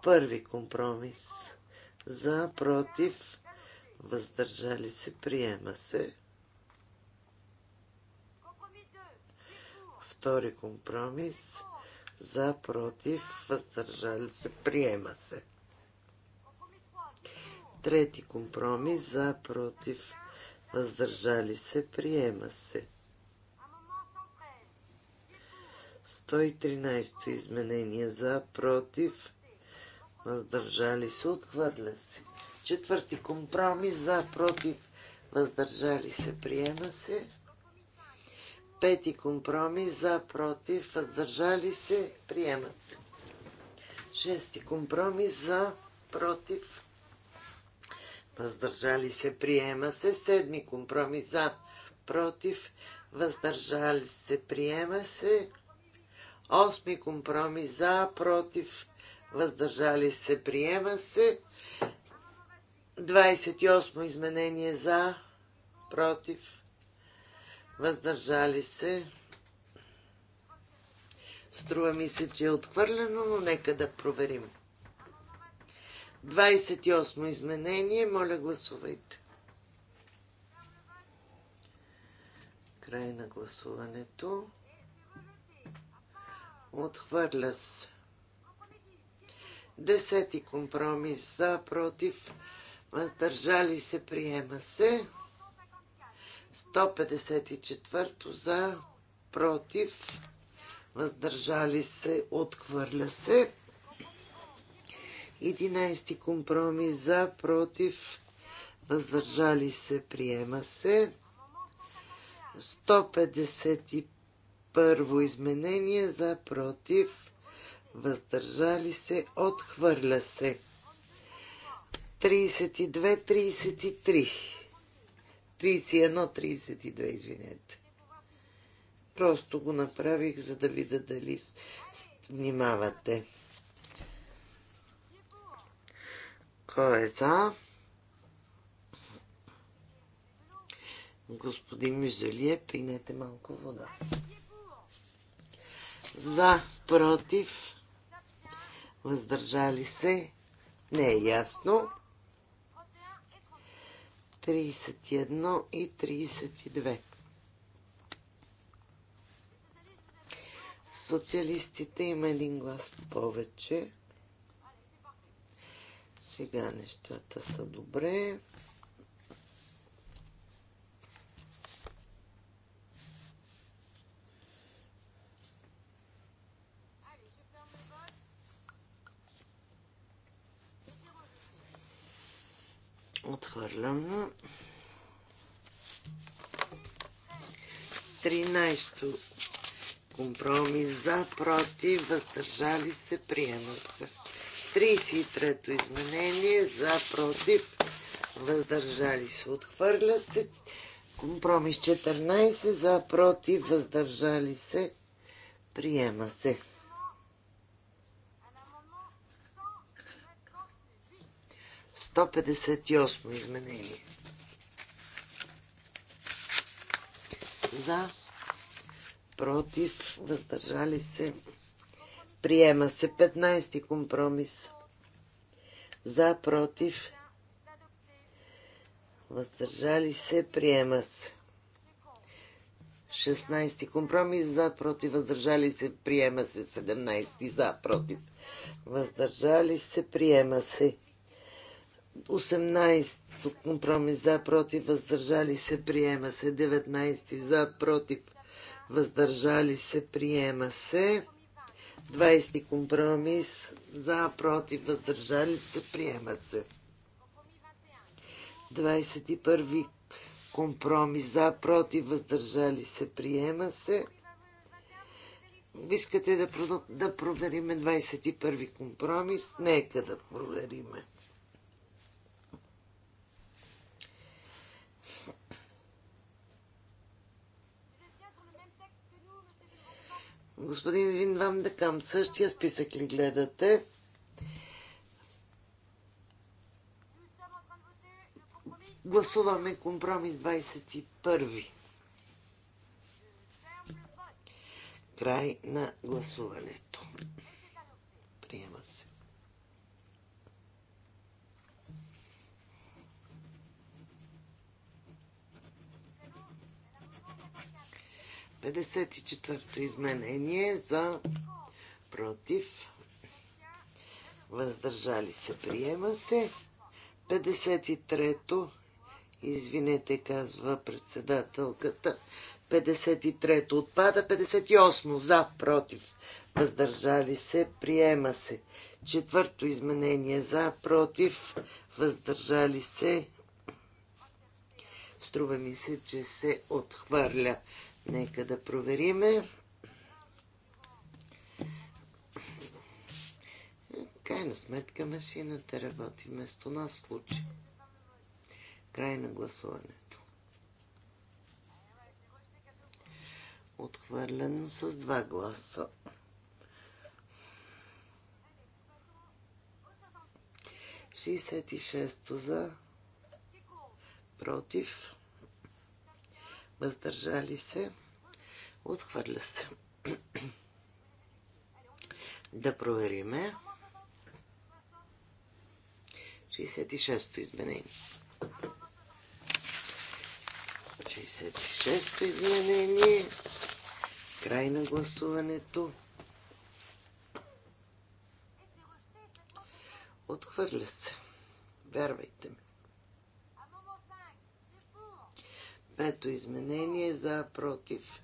Първи компромис. За, против, въздържали се, приема се. Втори компромис за против, въздържали се, приема се. Трети компромис за против, въздържали се, приема се. 113 изменение за против, въздържали се, отхвърля се. Четвърти компромис за против, въздържали се, приема се. Пети компромис за, против, въздържали се, приема се. Шести компромис за, против, въздържали се, приема се. Седми компромис за, против, въздържали се, приема се. Осми компромис за, против, въздържали се, приема се. 28 изменение за, против, въздържали се. Струва ми се, че е отхвърлено, но нека да проверим. 28 изменение, моля гласувайте. Край на гласуването. Отхвърля се. Десети компромис за, против, въздържали се, приема се. 154 за, против, въздържали се, отхвърля се. 11 компромис за, против, въздържали се, приема се. 151 изменение за, против, въздържали се, отхвърля се. 32-33 31-32, извинете. Просто го направих, за да видя дали внимавате. Кой е за? Господин Мюзелие, пинете малко вода. За, против, въздържали се, не е ясно. 31 и 32. Социалистите има един глас повече. Сега нещата са добре. Отхвърлям. 13-то компромис за, против, въздържали се, приема се. 33-то изменение за, против, въздържали се, отхвърля се. Компромис 14 за, против, въздържали се, приема се. 158 изменение. За, против, въздържали се. Приема се 15 компромис. За, против, въздържали се. Приема се. 16 компромис за, против, въздържали се, приема се 17 за, против, въздържали се, приема се 18 компромис за, против, въздържали се, приема се. 19 за, против, въздържали се, приема се. 20 компромис за, против, въздържали се, приема се. 21 компромис за, против, въздържали се, приема се. Искате да, да провериме 21 компромис? Нека да провериме. Господин Вин Вам Декам, същия списък ли гледате? Гласуваме компромис 21. Край на гласуването. Приема 54-то изменение за против. Въздържали се. Приема се. 53-то. Извинете, казва председателката. 53-то отпада. 58-то за против. Въздържали се. Приема се. Четвърто изменение за против. Въздържали се. Струва ми се, че се отхвърля. Нека да провериме. Крайна сметка машината работи вместо нас случай. Край на гласуването. Отхвърлено с два гласа. 66 за против въздържали се, отхвърля се. да провериме. 66-то изменение. 66-то изменение. Край на гласуването. Отхвърля се. Вярвайте ми. Пето изменение за против.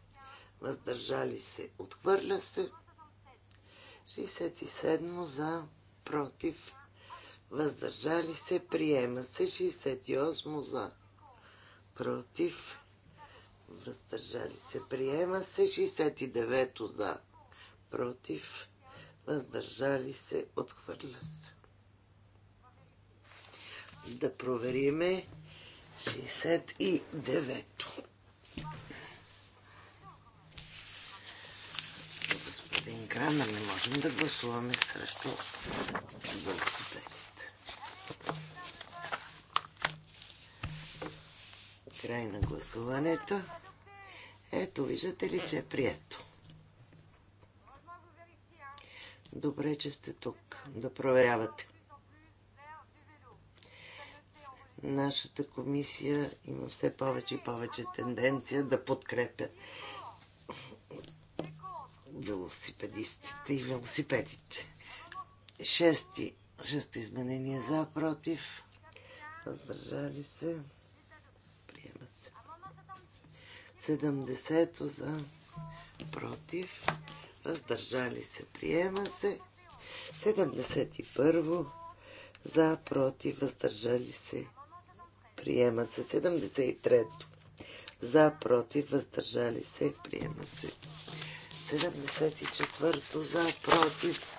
Въздържали се. Отхвърля се. 67 за против. Въздържали се. Приема се. 68 за против. Въздържали се. Приема се. 69 за против. Въздържали се. Отхвърля се. Да провериме. 69-то. Господин Крамер, не можем да гласуваме срещу велосипедите. Край на гласуването. Ето, виждате ли, че е прието. Добре, че сте тук да проверявате нашата комисия има все повече и повече тенденция да подкрепя велосипедистите и велосипедите. Шести, шесто изменение за, против, въздържали се, приема се. 70 за, против, въздържали се, приема се. 71 за, против, въздържали се, приема се. 73-то. За, против, въздържали се, приема се. 74-то. За, против,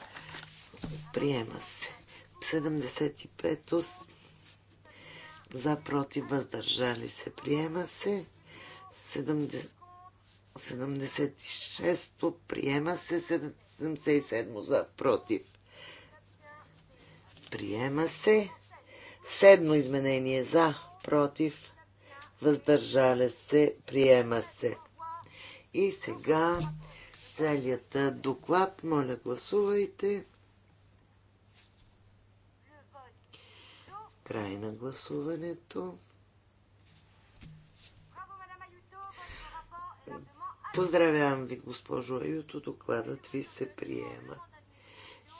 приема се. 75-то. За, против, въздържали се, приема се. 76-то приема се 77 за против. Приема се. Седмо изменение за против, въздържали се, приема се. И сега целият доклад, моля гласувайте. Край на гласуването. Поздравявам ви, госпожо Аюто, докладът ви се приема.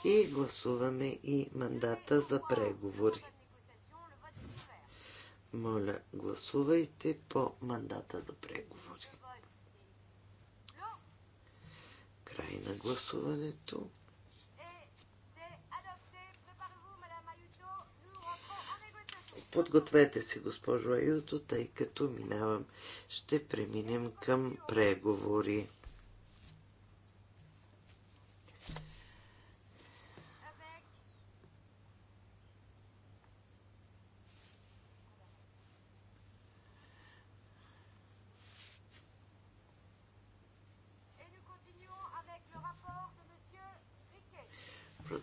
И гласуваме и мандата за преговори. Моля, гласувайте по мандата за преговори. Край на гласуването. Подгответе се, госпожо Аюто, тъй като минавам. Ще преминем към преговори.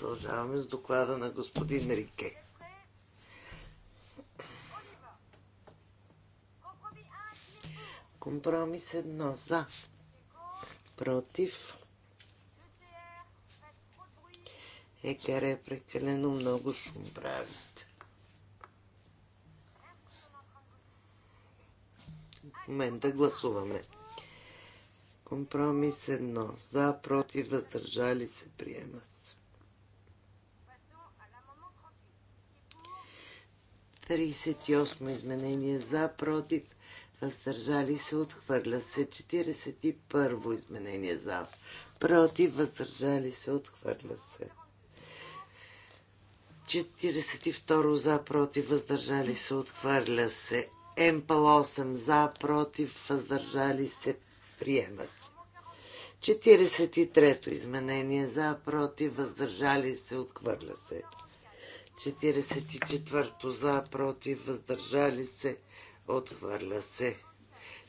Продължаваме с доклада на господин Рике. Компромис едно за. Против. е прекалено много шум правите. момента гласуваме. Компромис едно. За, против, въздържали се, приема се. 38 изменение за, против, въздържали се, отхвърля се. 41 изменение за, против, въздържали се, отхвърля се. 42 за, против, въздържали се, отхвърля се. МПЛ 8 за, против, въздържали се, приема се. 43-то изменение за, против, въздържали се, отхвърля се. 44 за, против, въздържали се, отхвърля се.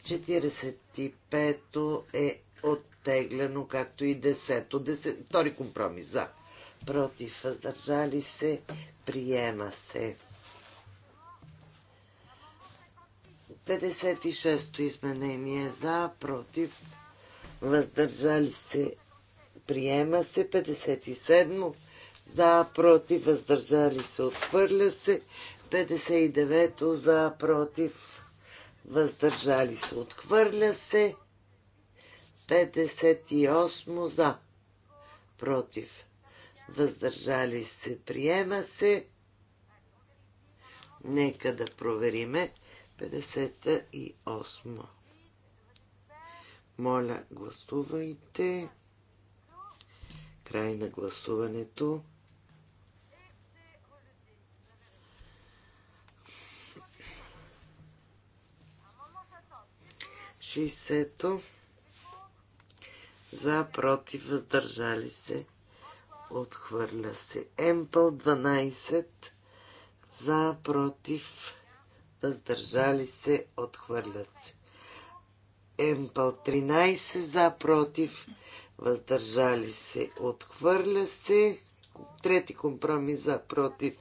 45 то е оттеглено, както и 10. 10 втори компромис за, против, въздържали се, приема се. 56-то изменение за, против, въздържали се, приема се. 57-то за, против, въздържали се, отхвърля се. 59-то за, против, въздържали се, отхвърля се. 58 за, против, въздържали се, приема се. Нека да провериме 58. Моля, гласувайте. Край на гласуването. 60-то за, против, въздържали се, отхвърля се. Емпъл 12 за, против, въздържали се, отхвърля се. Емпъл 13 за, против, въздържали се, отхвърля се. Трети компромис за, против,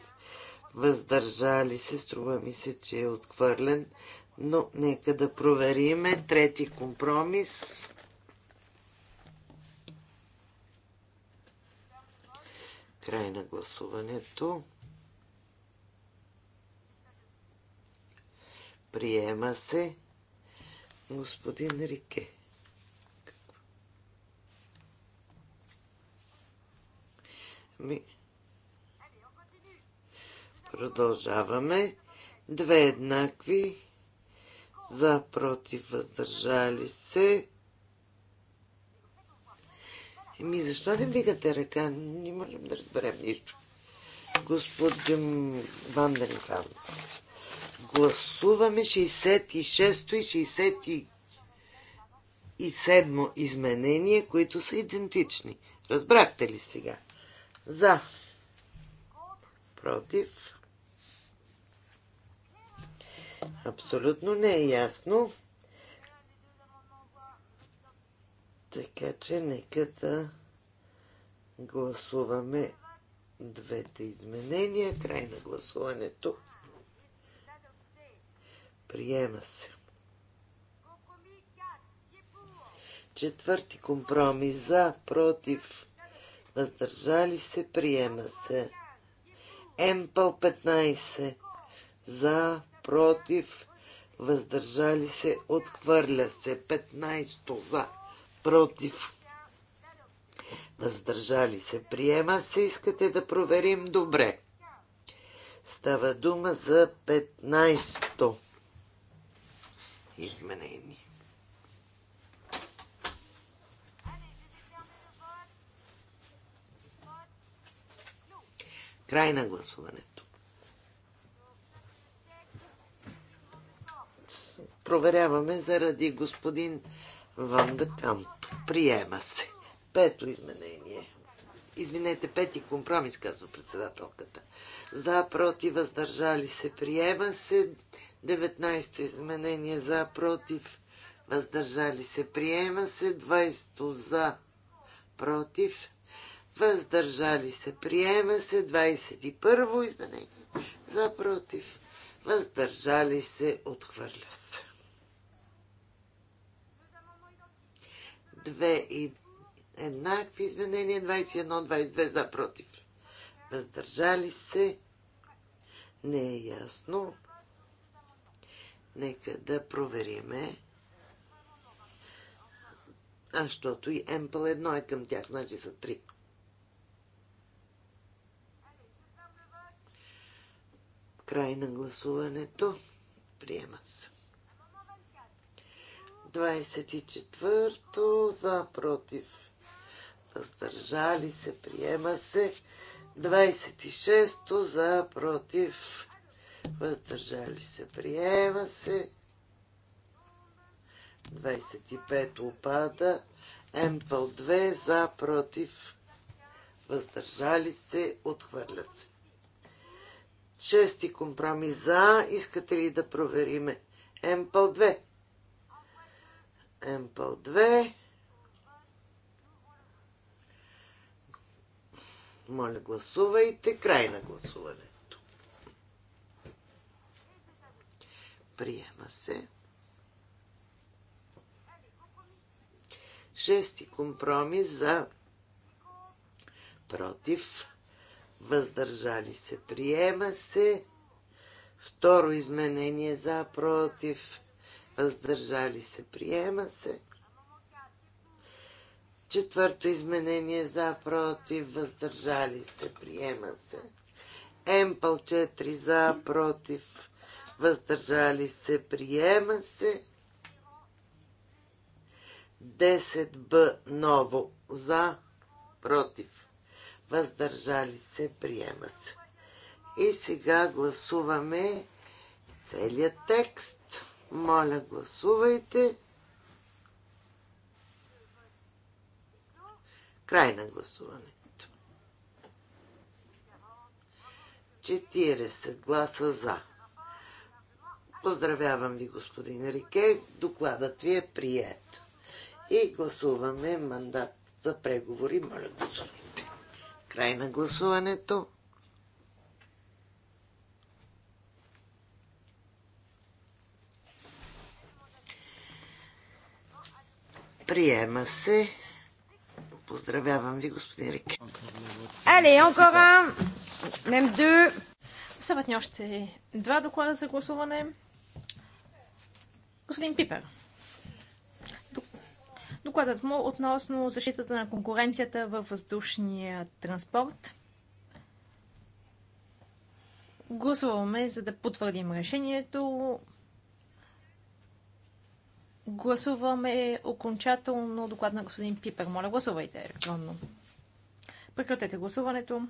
въздържали се, струва ми се, че е отхвърлен но нека да провериме трети компромис. Край на гласуването. Приема се господин Рике. Ми... Продължаваме. Две еднакви за против въздържали се. Еми, защо не вдигате ръка? Не можем да разберем нищо. Господин Ванденкам. Гласуваме 66-то и 67-мо изменение, които са идентични. Разбрахте ли сега? За. Против. Абсолютно не е ясно. Така че нека да гласуваме двете изменения. Край на гласуването. Приема се. Четвърти компромис за, против, въздържали се, приема се. Емпъл 15 за, против, въздържали се, отхвърля се. 15 за, против, въздържали се, приема се. Искате да проверим добре. Става дума за 15-то изменение. Край на гласуване. проверяваме заради господин Ван Декам. Приема се. Пето изменение. Извинете, пети компромис, казва председателката. За, против, въздържали се. Приема се. 19-то изменение. За, против, въздържали се. Приема се. 20-то за, против, въздържали се. Приема се. 21-во изменение. За, против, въздържали се. Отхвърля се. 2 и еднакви изменения, 21-22 за против. Въздържали се. Не е ясно. Нека да провериме. А, защото и МПЛ 1 е към тях, значи са 3. Край на гласуването. Приема се. 24 за против. Въздържали се, приема се. 26 то за против. Въздържали се, приема се. 25 опада. Емпъл 2 за против. Въздържали се, отхвърля се. Шести компромис за. Искате ли да провериме? Емпъл 2. Емпъл 2. Моля, гласувайте. Край на гласуването. Приема се. Шести компромис за против. Въздържали се. Приема се. Второ изменение за против въздържали се, приема се. Четвърто изменение за, против, въздържали се, приема се. Емпъл 4 за, против, въздържали се, приема се. 10Б ново за, против, въздържали се, приема се. И сега гласуваме целият текст. Моля, гласувайте. Край на гласуването. 40 гласа за. Поздравявам ви, господин Рике. Докладът ви е прият. И гласуваме мандат за преговори. Моля, гласувайте. Край на гласуването. Приема се. Поздравявам ви, господин Рике. Але, encore Мем deux. Остават ни още два доклада за гласуване. Господин Пипер. Докладът му относно защитата на конкуренцията във въздушния транспорт. Гласуваме, за да потвърдим решението. Гласуваме окончателно доклад на господин Пипер. Моля, гласувайте електронно. Прекратете гласуването.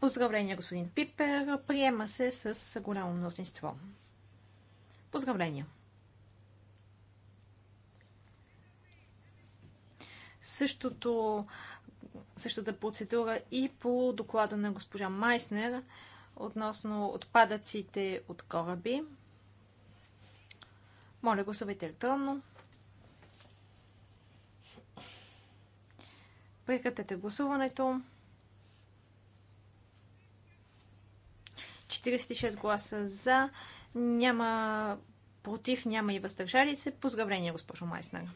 Поздравления, господин Пипер. Приема се с голямо мнозинство. Поздравления. Същото, същата процедура и по доклада на госпожа Майснер относно отпадъците от кораби. Моля, гласувайте електронно. Прекратете гласуването. 46 гласа за, няма против, няма и въздържали се. Поздравление, госпожо Майснер.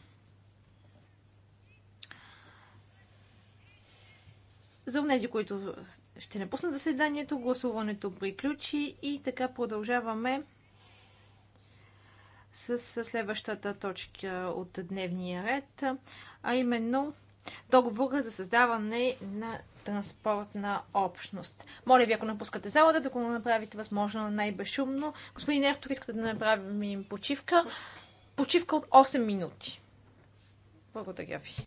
За тези, които ще напуснат заседанието, гласуването приключи и така продължаваме с следващата точка от дневния ред, а именно договора за създаване на транспортна общност. Моля ви, ако напускате залата, да го направите възможно най-безшумно. Господин Ертор, искате да направим им почивка. Почивка от 8 минути. Благодаря ви.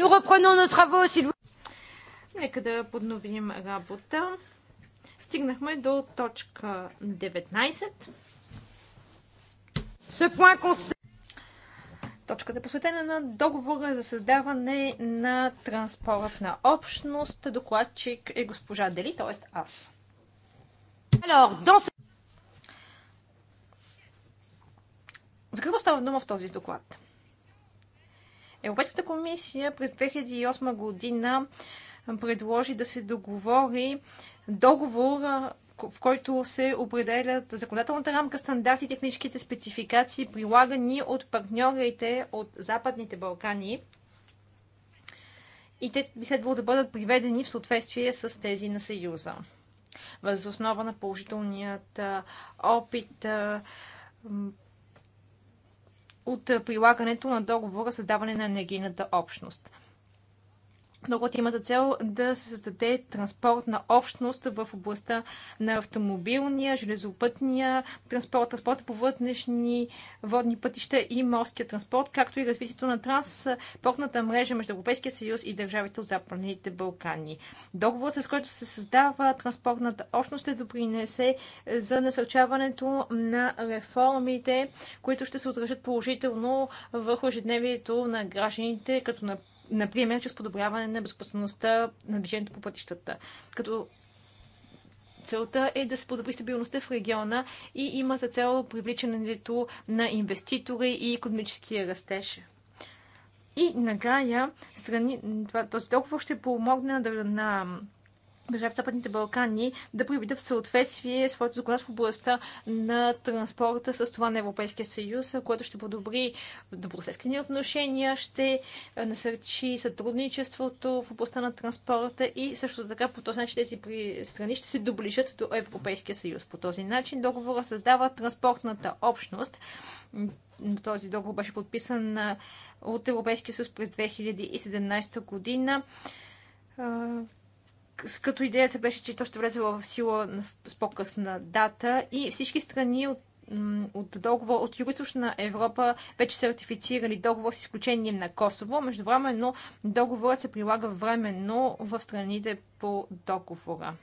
Nous reprenons nos travaux, s'il vous Нека да подновим работа. Стигнахме до точка 19. Точката е посветена на договора за създаване на транспортна общност. Докладчик е госпожа Дели, т.е. аз. Alors, dans... За какво става дума в този доклад? Европейската комисия през 2008 година предложи да се договори договор, в който се определят законодателната рамка, стандарти, техническите спецификации, прилагани от партньорите от Западните Балкани. И те би следвало да бъдат приведени в съответствие с тези на Съюза. Въз основа на положителният опит от прилагането на договора създаване на енергийната общност. Договорът има за цел да се създаде транспортна общност в областта на автомобилния, железопътния транспорт, транспорта по вътрешни водни пътища и морския транспорт, както и развитието на транспортната мрежа между Европейския съюз и държавите от Западните Балкани. Договорът, с който се създава транспортната общност, ще допринесе за насърчаването на реформите, които ще се отражат положително върху ежедневието на гражданите, като например например, чрез подобряване на безопасността на движението по пътищата. Като Целта е да се подобри стабилността в региона и има за цел привличането на инвеститори и економическия растеж. И накрая страни, това, този договор ще помогне на, на държави Западните Балкани да приведа в съответствие своето законодателство в областта на транспорта с това на Европейския съюз, което ще подобри добросъседските отношения, ще насърчи сътрудничеството в областта на транспорта и също така по този начин тези страни ще се доближат до Европейския съюз. По този начин договора създава транспортната общност. Този договор беше подписан от Европейския съюз през 2017 година като идеята беше, че то ще влезе в сила с по-късна дата и всички страни от от договор от Юго-Источна Европа вече са ратифицирали договор с изключение на Косово. Междувременно договорът се прилага временно в страните по договора.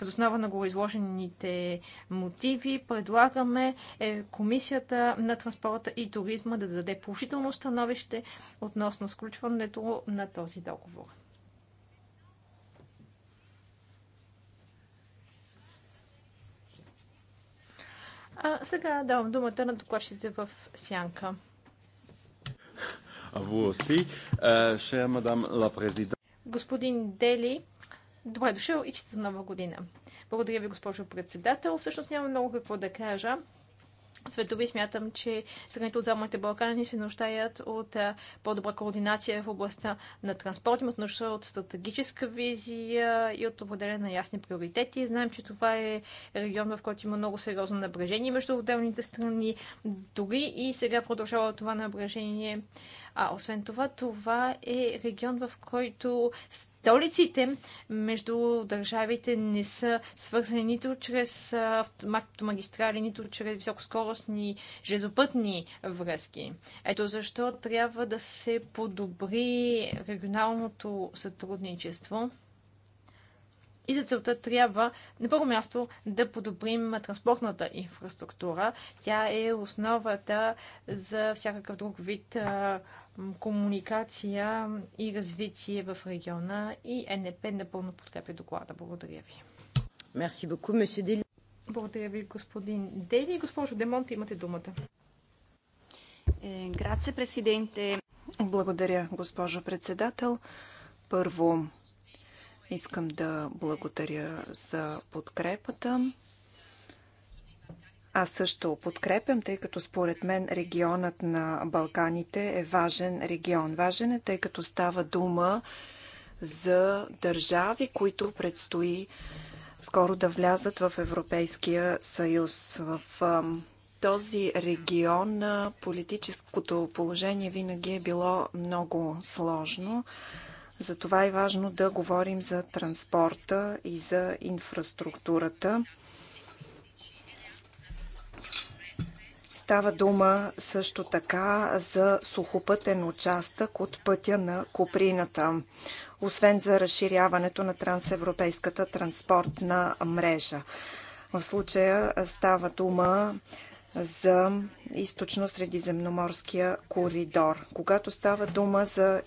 Въз основа на гореизложените мотиви предлагаме е, Комисията на транспорта и туризма да даде положително становище относно сключването на този договор. А сега давам думата на докладчите в Сянка. А си, е, мадам ла президент. Господин Дели, добре дошъл и чета нова година. Благодаря ви, госпожо председател. Всъщност няма много какво да кажа светове. Смятам, че страните от Западните Балкани се нуждаят от по-добра координация в областта на транспорт, имат нужда от стратегическа визия и от определене на ясни приоритети. Знаем, че това е регион, в който има много сериозно напрежение между отделните страни. Дори и сега продължава това напрежение. А освен това, това е регион, в който столиците между държавите не са свързани нито чрез автомагистрали, нито чрез високоскоростни железопътни връзки. Ето защо трябва да се подобри регионалното сътрудничество. И за целта трябва на първо място да подобрим транспортната инфраструктура. Тя е основата за всякакъв друг вид комуникация и развитие в региона и НП напълно подкрепя доклада. Благодаря ви. Мерси beaucoup, monsieur Дели. Благодаря ви, господин Дели. Госпожо Демонт, имате думата. Е, грация, президенте. Благодаря, госпожо председател. Първо, искам да благодаря за подкрепата. Аз също подкрепям, тъй като според мен регионът на Балканите е важен регион. Важен е, тъй като става дума за държави, които предстои скоро да влязат в Европейския съюз. В този регион политическото положение винаги е било много сложно. Затова е важно да говорим за транспорта и за инфраструктурата. Става дума също така за сухопътен участък от пътя на Куприната, освен за разширяването на трансевропейската транспортна мрежа. В случая става дума за източно-средиземноморския коридор. Когато става дума за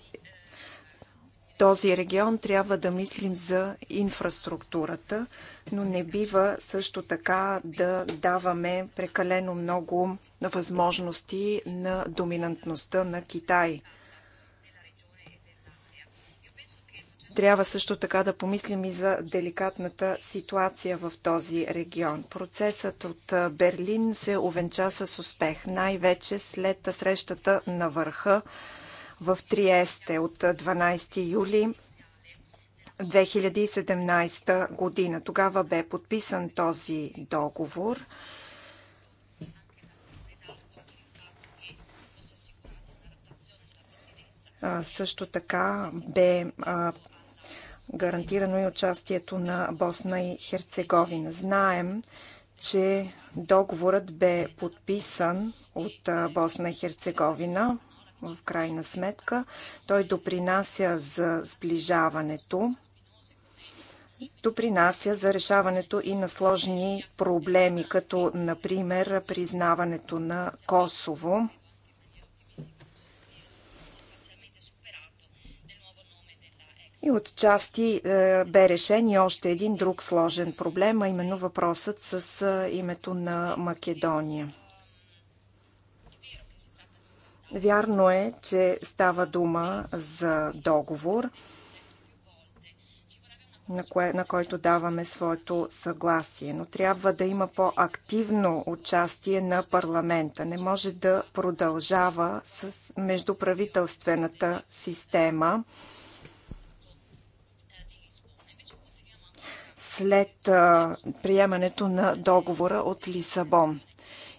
този регион трябва да мислим за инфраструктурата, но не бива също така да даваме прекалено много възможности на доминантността на Китай. Трябва също така да помислим и за деликатната ситуация в този регион. Процесът от Берлин се увенча с успех, най-вече след срещата на върха в Триесте от 12 юли 2017 година. Тогава бе подписан този договор. Също така бе гарантирано и участието на Босна и Херцеговина. Знаем, че договорът бе подписан от Босна и Херцеговина в крайна сметка. Той допринася за сближаването, допринася за решаването и на сложни проблеми, като например признаването на Косово. И отчасти части е, бе решен и още един друг сложен проблем, а именно въпросът с е, името на Македония. Вярно е, че става дума за договор, на, кое, на който даваме своето съгласие. Но трябва да има по-активно участие на парламента. Не може да продължава с междуправителствената система. след приемането на договора от Лисабон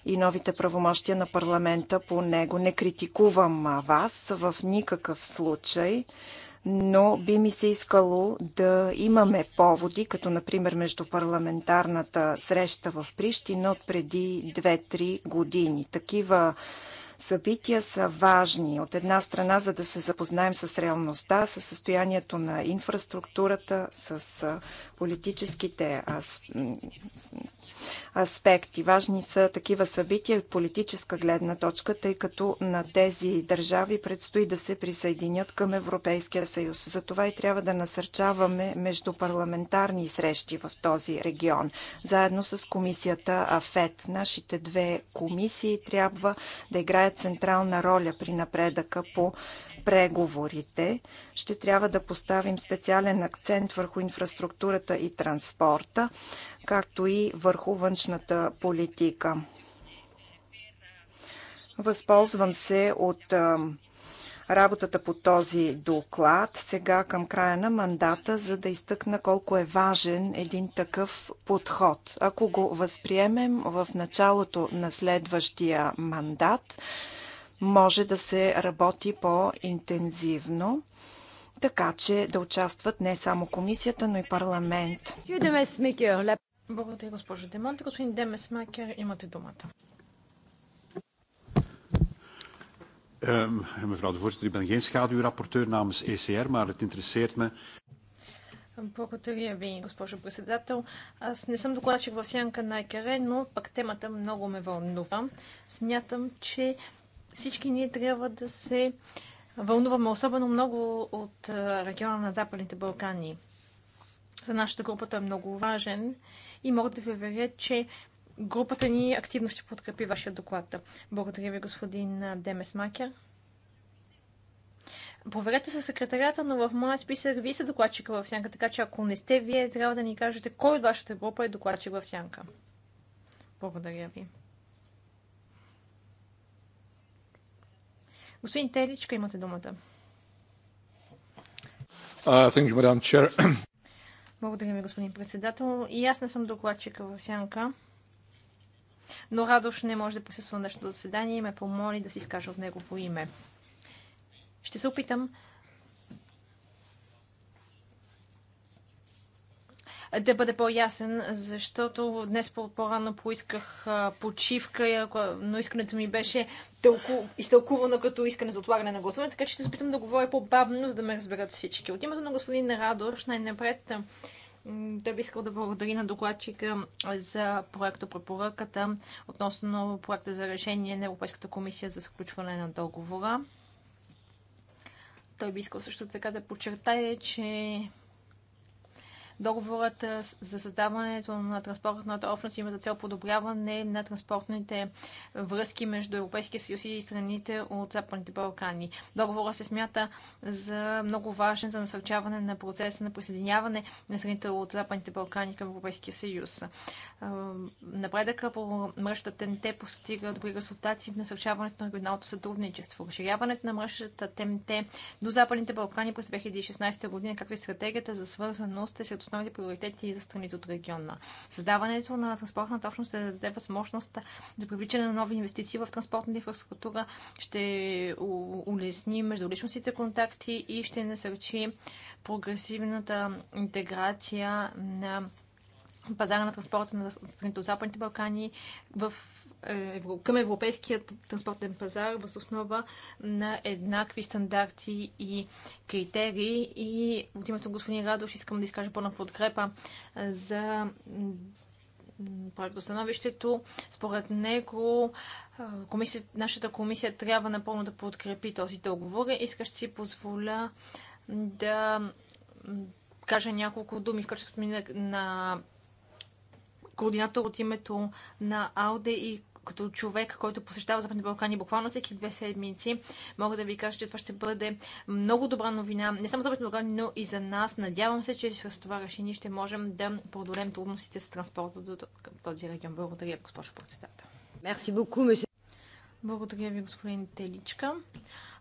и новите правомощия на парламента по него. Не критикувам вас в никакъв случай, но би ми се искало да имаме поводи, като например между парламентарната среща в Прищина от преди 2-3 години. Такива събития са важни. От една страна, за да се запознаем с реалността, с състоянието на инфраструктурата, с политическите аспекти. Важни са такива събития от политическа гледна точка, тъй като на тези държави предстои да се присъединят към Европейския съюз. Затова и трябва да насърчаваме междупарламентарни срещи в този регион, заедно с комисията АФЕТ. Нашите две комисии трябва да играят централна роля при напредъка по преговорите ще трябва да поставим специален акцент върху инфраструктурата и транспорта, както и върху външната политика. Възползвам се от работата по този доклад сега към края на мандата, за да изтъкна колко е важен един такъв подход. Ако го възприемем в началото на следващия мандат, може да се работи по-интензивно, така че да участват не само комисията, но и парламент. Благодаря, госпожо Демонт. Господин Демесмакер, имате думата. voorzitter, ik ben geen schaduwrapporteur namens ECR, maar het interesseert me. Благодаря ви, госпожо председател. Аз не съм докладчик в сянка на Екере, но пък темата много ме вълнува. Смятам, че всички ние трябва да се вълнуваме особено много от региона на Западните Балкани. За нашата група той е много важен и мога да ви уверя, че групата ни активно ще подкрепи вашия доклад. Благодаря ви, господин Демес Макер. Проверете се секретарята, но в моя списък вие са докладчика в сянка, така че ако не сте вие, трябва да ни кажете кой от вашата група е докладчик в сянка. Благодаря ви. Господин Теличка, имате думата. You, Благодаря ми, господин председател. И аз не съм докладчика в Сянка, но Радош не може да присъства на нашето заседание и ме помоли да си изкажа от негово име. Ще се опитам да бъде по-ясен, защото днес по-рано поисках почивка, но искането ми беше тълку... изтълкувано като искане за отлагане на гласуване, така че ще се опитам да говоря по-бавно, за да ме разберат всички. От името на господин Радош, най-напред да би искал да благодари на докладчика за проекта препоръката относно проекта за решение на Европейската комисия за сключване на договора. Той би искал също така да подчертае, че Договорът за създаването на транспортната общност има за цел подобряване на транспортните връзки между Европейския съюз и страните от Западните Балкани. Договорът се смята за много важен за насърчаване на процеса на присъединяване на страните от Западните Балкани към Европейския съюз. Напредъка по мрежата ТНТ постига добри резултати в насърчаването на регионалното сътрудничество. Разширяването на мрежата ТНТ до Западните Балкани през 2016 година, както и стратегията за свързаност е сред основните приоритети за страните от региона. Създаването на транспортната общност ще даде възможност за привличане на нови инвестиции в транспортната инфраструктура, ще улесни междуличностите контакти и ще насърчи прогресивната интеграция на пазара на транспорта на страните от Западните Балкани в към европейският транспортен пазар въз основа на еднакви стандарти и критерии. И от името господин Радош искам да изкажа пълна подкрепа за проектостановището. Според него комисия, нашата комисия трябва напълно да подкрепи този договор. Искаш си позволя да кажа няколко думи в качеството ми на, на координатор от името на АУДЕ и като човек, който посещава Западни Балкани буквално всеки две седмици, мога да ви кажа, че това ще бъде много добра новина, не само за Западни Балкани, но и за нас. Надявам се, че с това решение ще можем да продолем трудностите с транспорта до този регион. Благодаря, госпожо председател. Мерси боку, Благодаря ви, господин Теличка.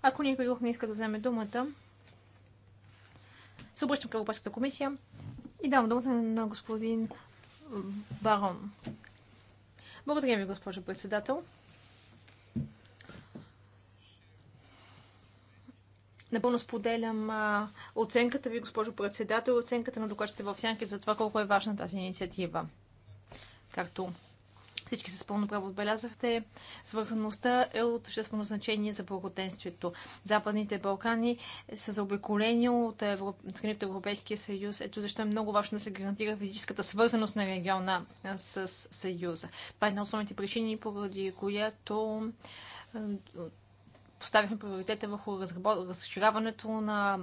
Ако никой друг не иска да вземе думата, се обръщам към Европейската комисия и давам думата на господин Барон. Благодаря ви, госпожо председател. Напълно споделям а, оценката ви, госпожо председател, оценката на докладчите в сянки за това колко е важна тази инициатива. Както всички с пълно право отбелязахте, свързаността е от съществено значение за благоденствието. Западните Балкани са заобиколени от страните Европейския съюз. Ето защо е много важно да се гарантира физическата свързаност на региона с съюза. Това е една от основните причини, поради която поставихме приоритета върху разширяването на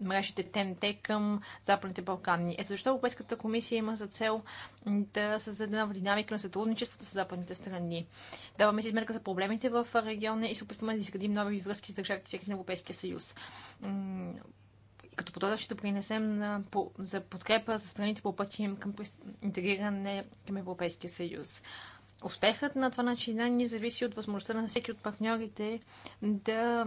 мрежите ТНТ към Западните Балкани. Ето защо Европейската комисия има за цел да създаде нова динамика на сътрудничеството с западните страни. Даваме си сметка за проблемите в региона и се опитваме да изградим нови връзки с държавите членки на Европейския съюз като подобно ще принесем на, по, за подкрепа за страните по пътя им към интегриране към Европейския съюз. Успехът на това начинание зависи от възможността на всеки от партньорите да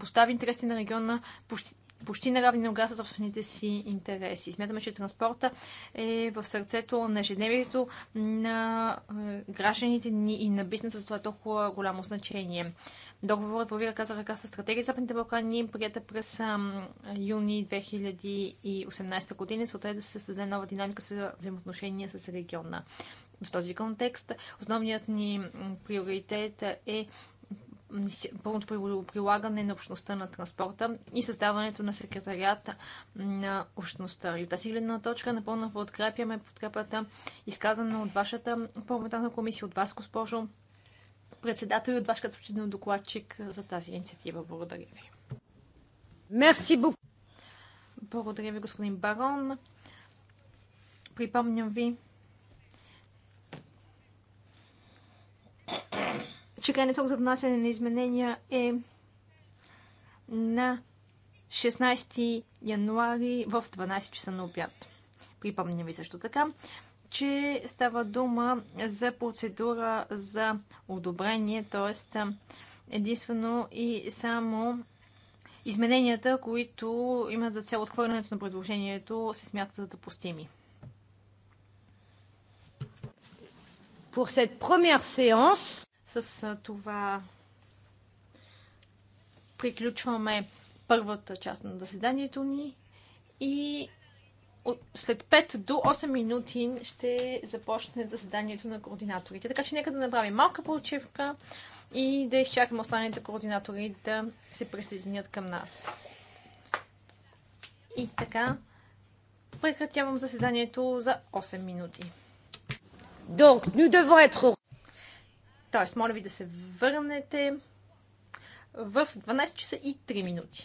постави интересите на региона почти, почти на равни нога са собствените си интереси. Смятаме, че транспорта е в сърцето на ежедневието на е, гражданите ни и на бизнеса, за това е толкова голямо значение. Договорът върви ръка за ръка с стратегия Западните Балкани, прията през юни 2018 година, целта е да се създаде нова динамика за взаимоотношения с региона. В този контекст основният ни приоритет е пълното прилагане на общността на транспорта и създаването на секретарията на общността. И от тази гледна точка напълно подкрепяме подкрепата, изказана от вашата парламентарна комисия, от вас, госпожо председател и от ваш като докладчик за тази инициатива. Благодаря ви. Мерси Благодаря ви, господин Барон. Припомням ви, че крайният срок за внасяне на изменения е на 16 януари в 12 часа на обяд. Припомням ви също така, че става дума за процедура за одобрение, т.е. единствено и само измененията, които имат за цел отхвърлянето на предложението, се смятат за допустими. Pour cette première séance, с това приключваме първата част на заседанието ни и след 5 до 8 минути ще започне заседанието на координаторите. Така че нека да направим малка почивка и да изчакаме останалите координатори да се присъединят към нас. И така, прекратявам заседанието за 8 минути. Donc, nous devons être Тоест, моля ви да се върнете в 12 часа и 3 минути.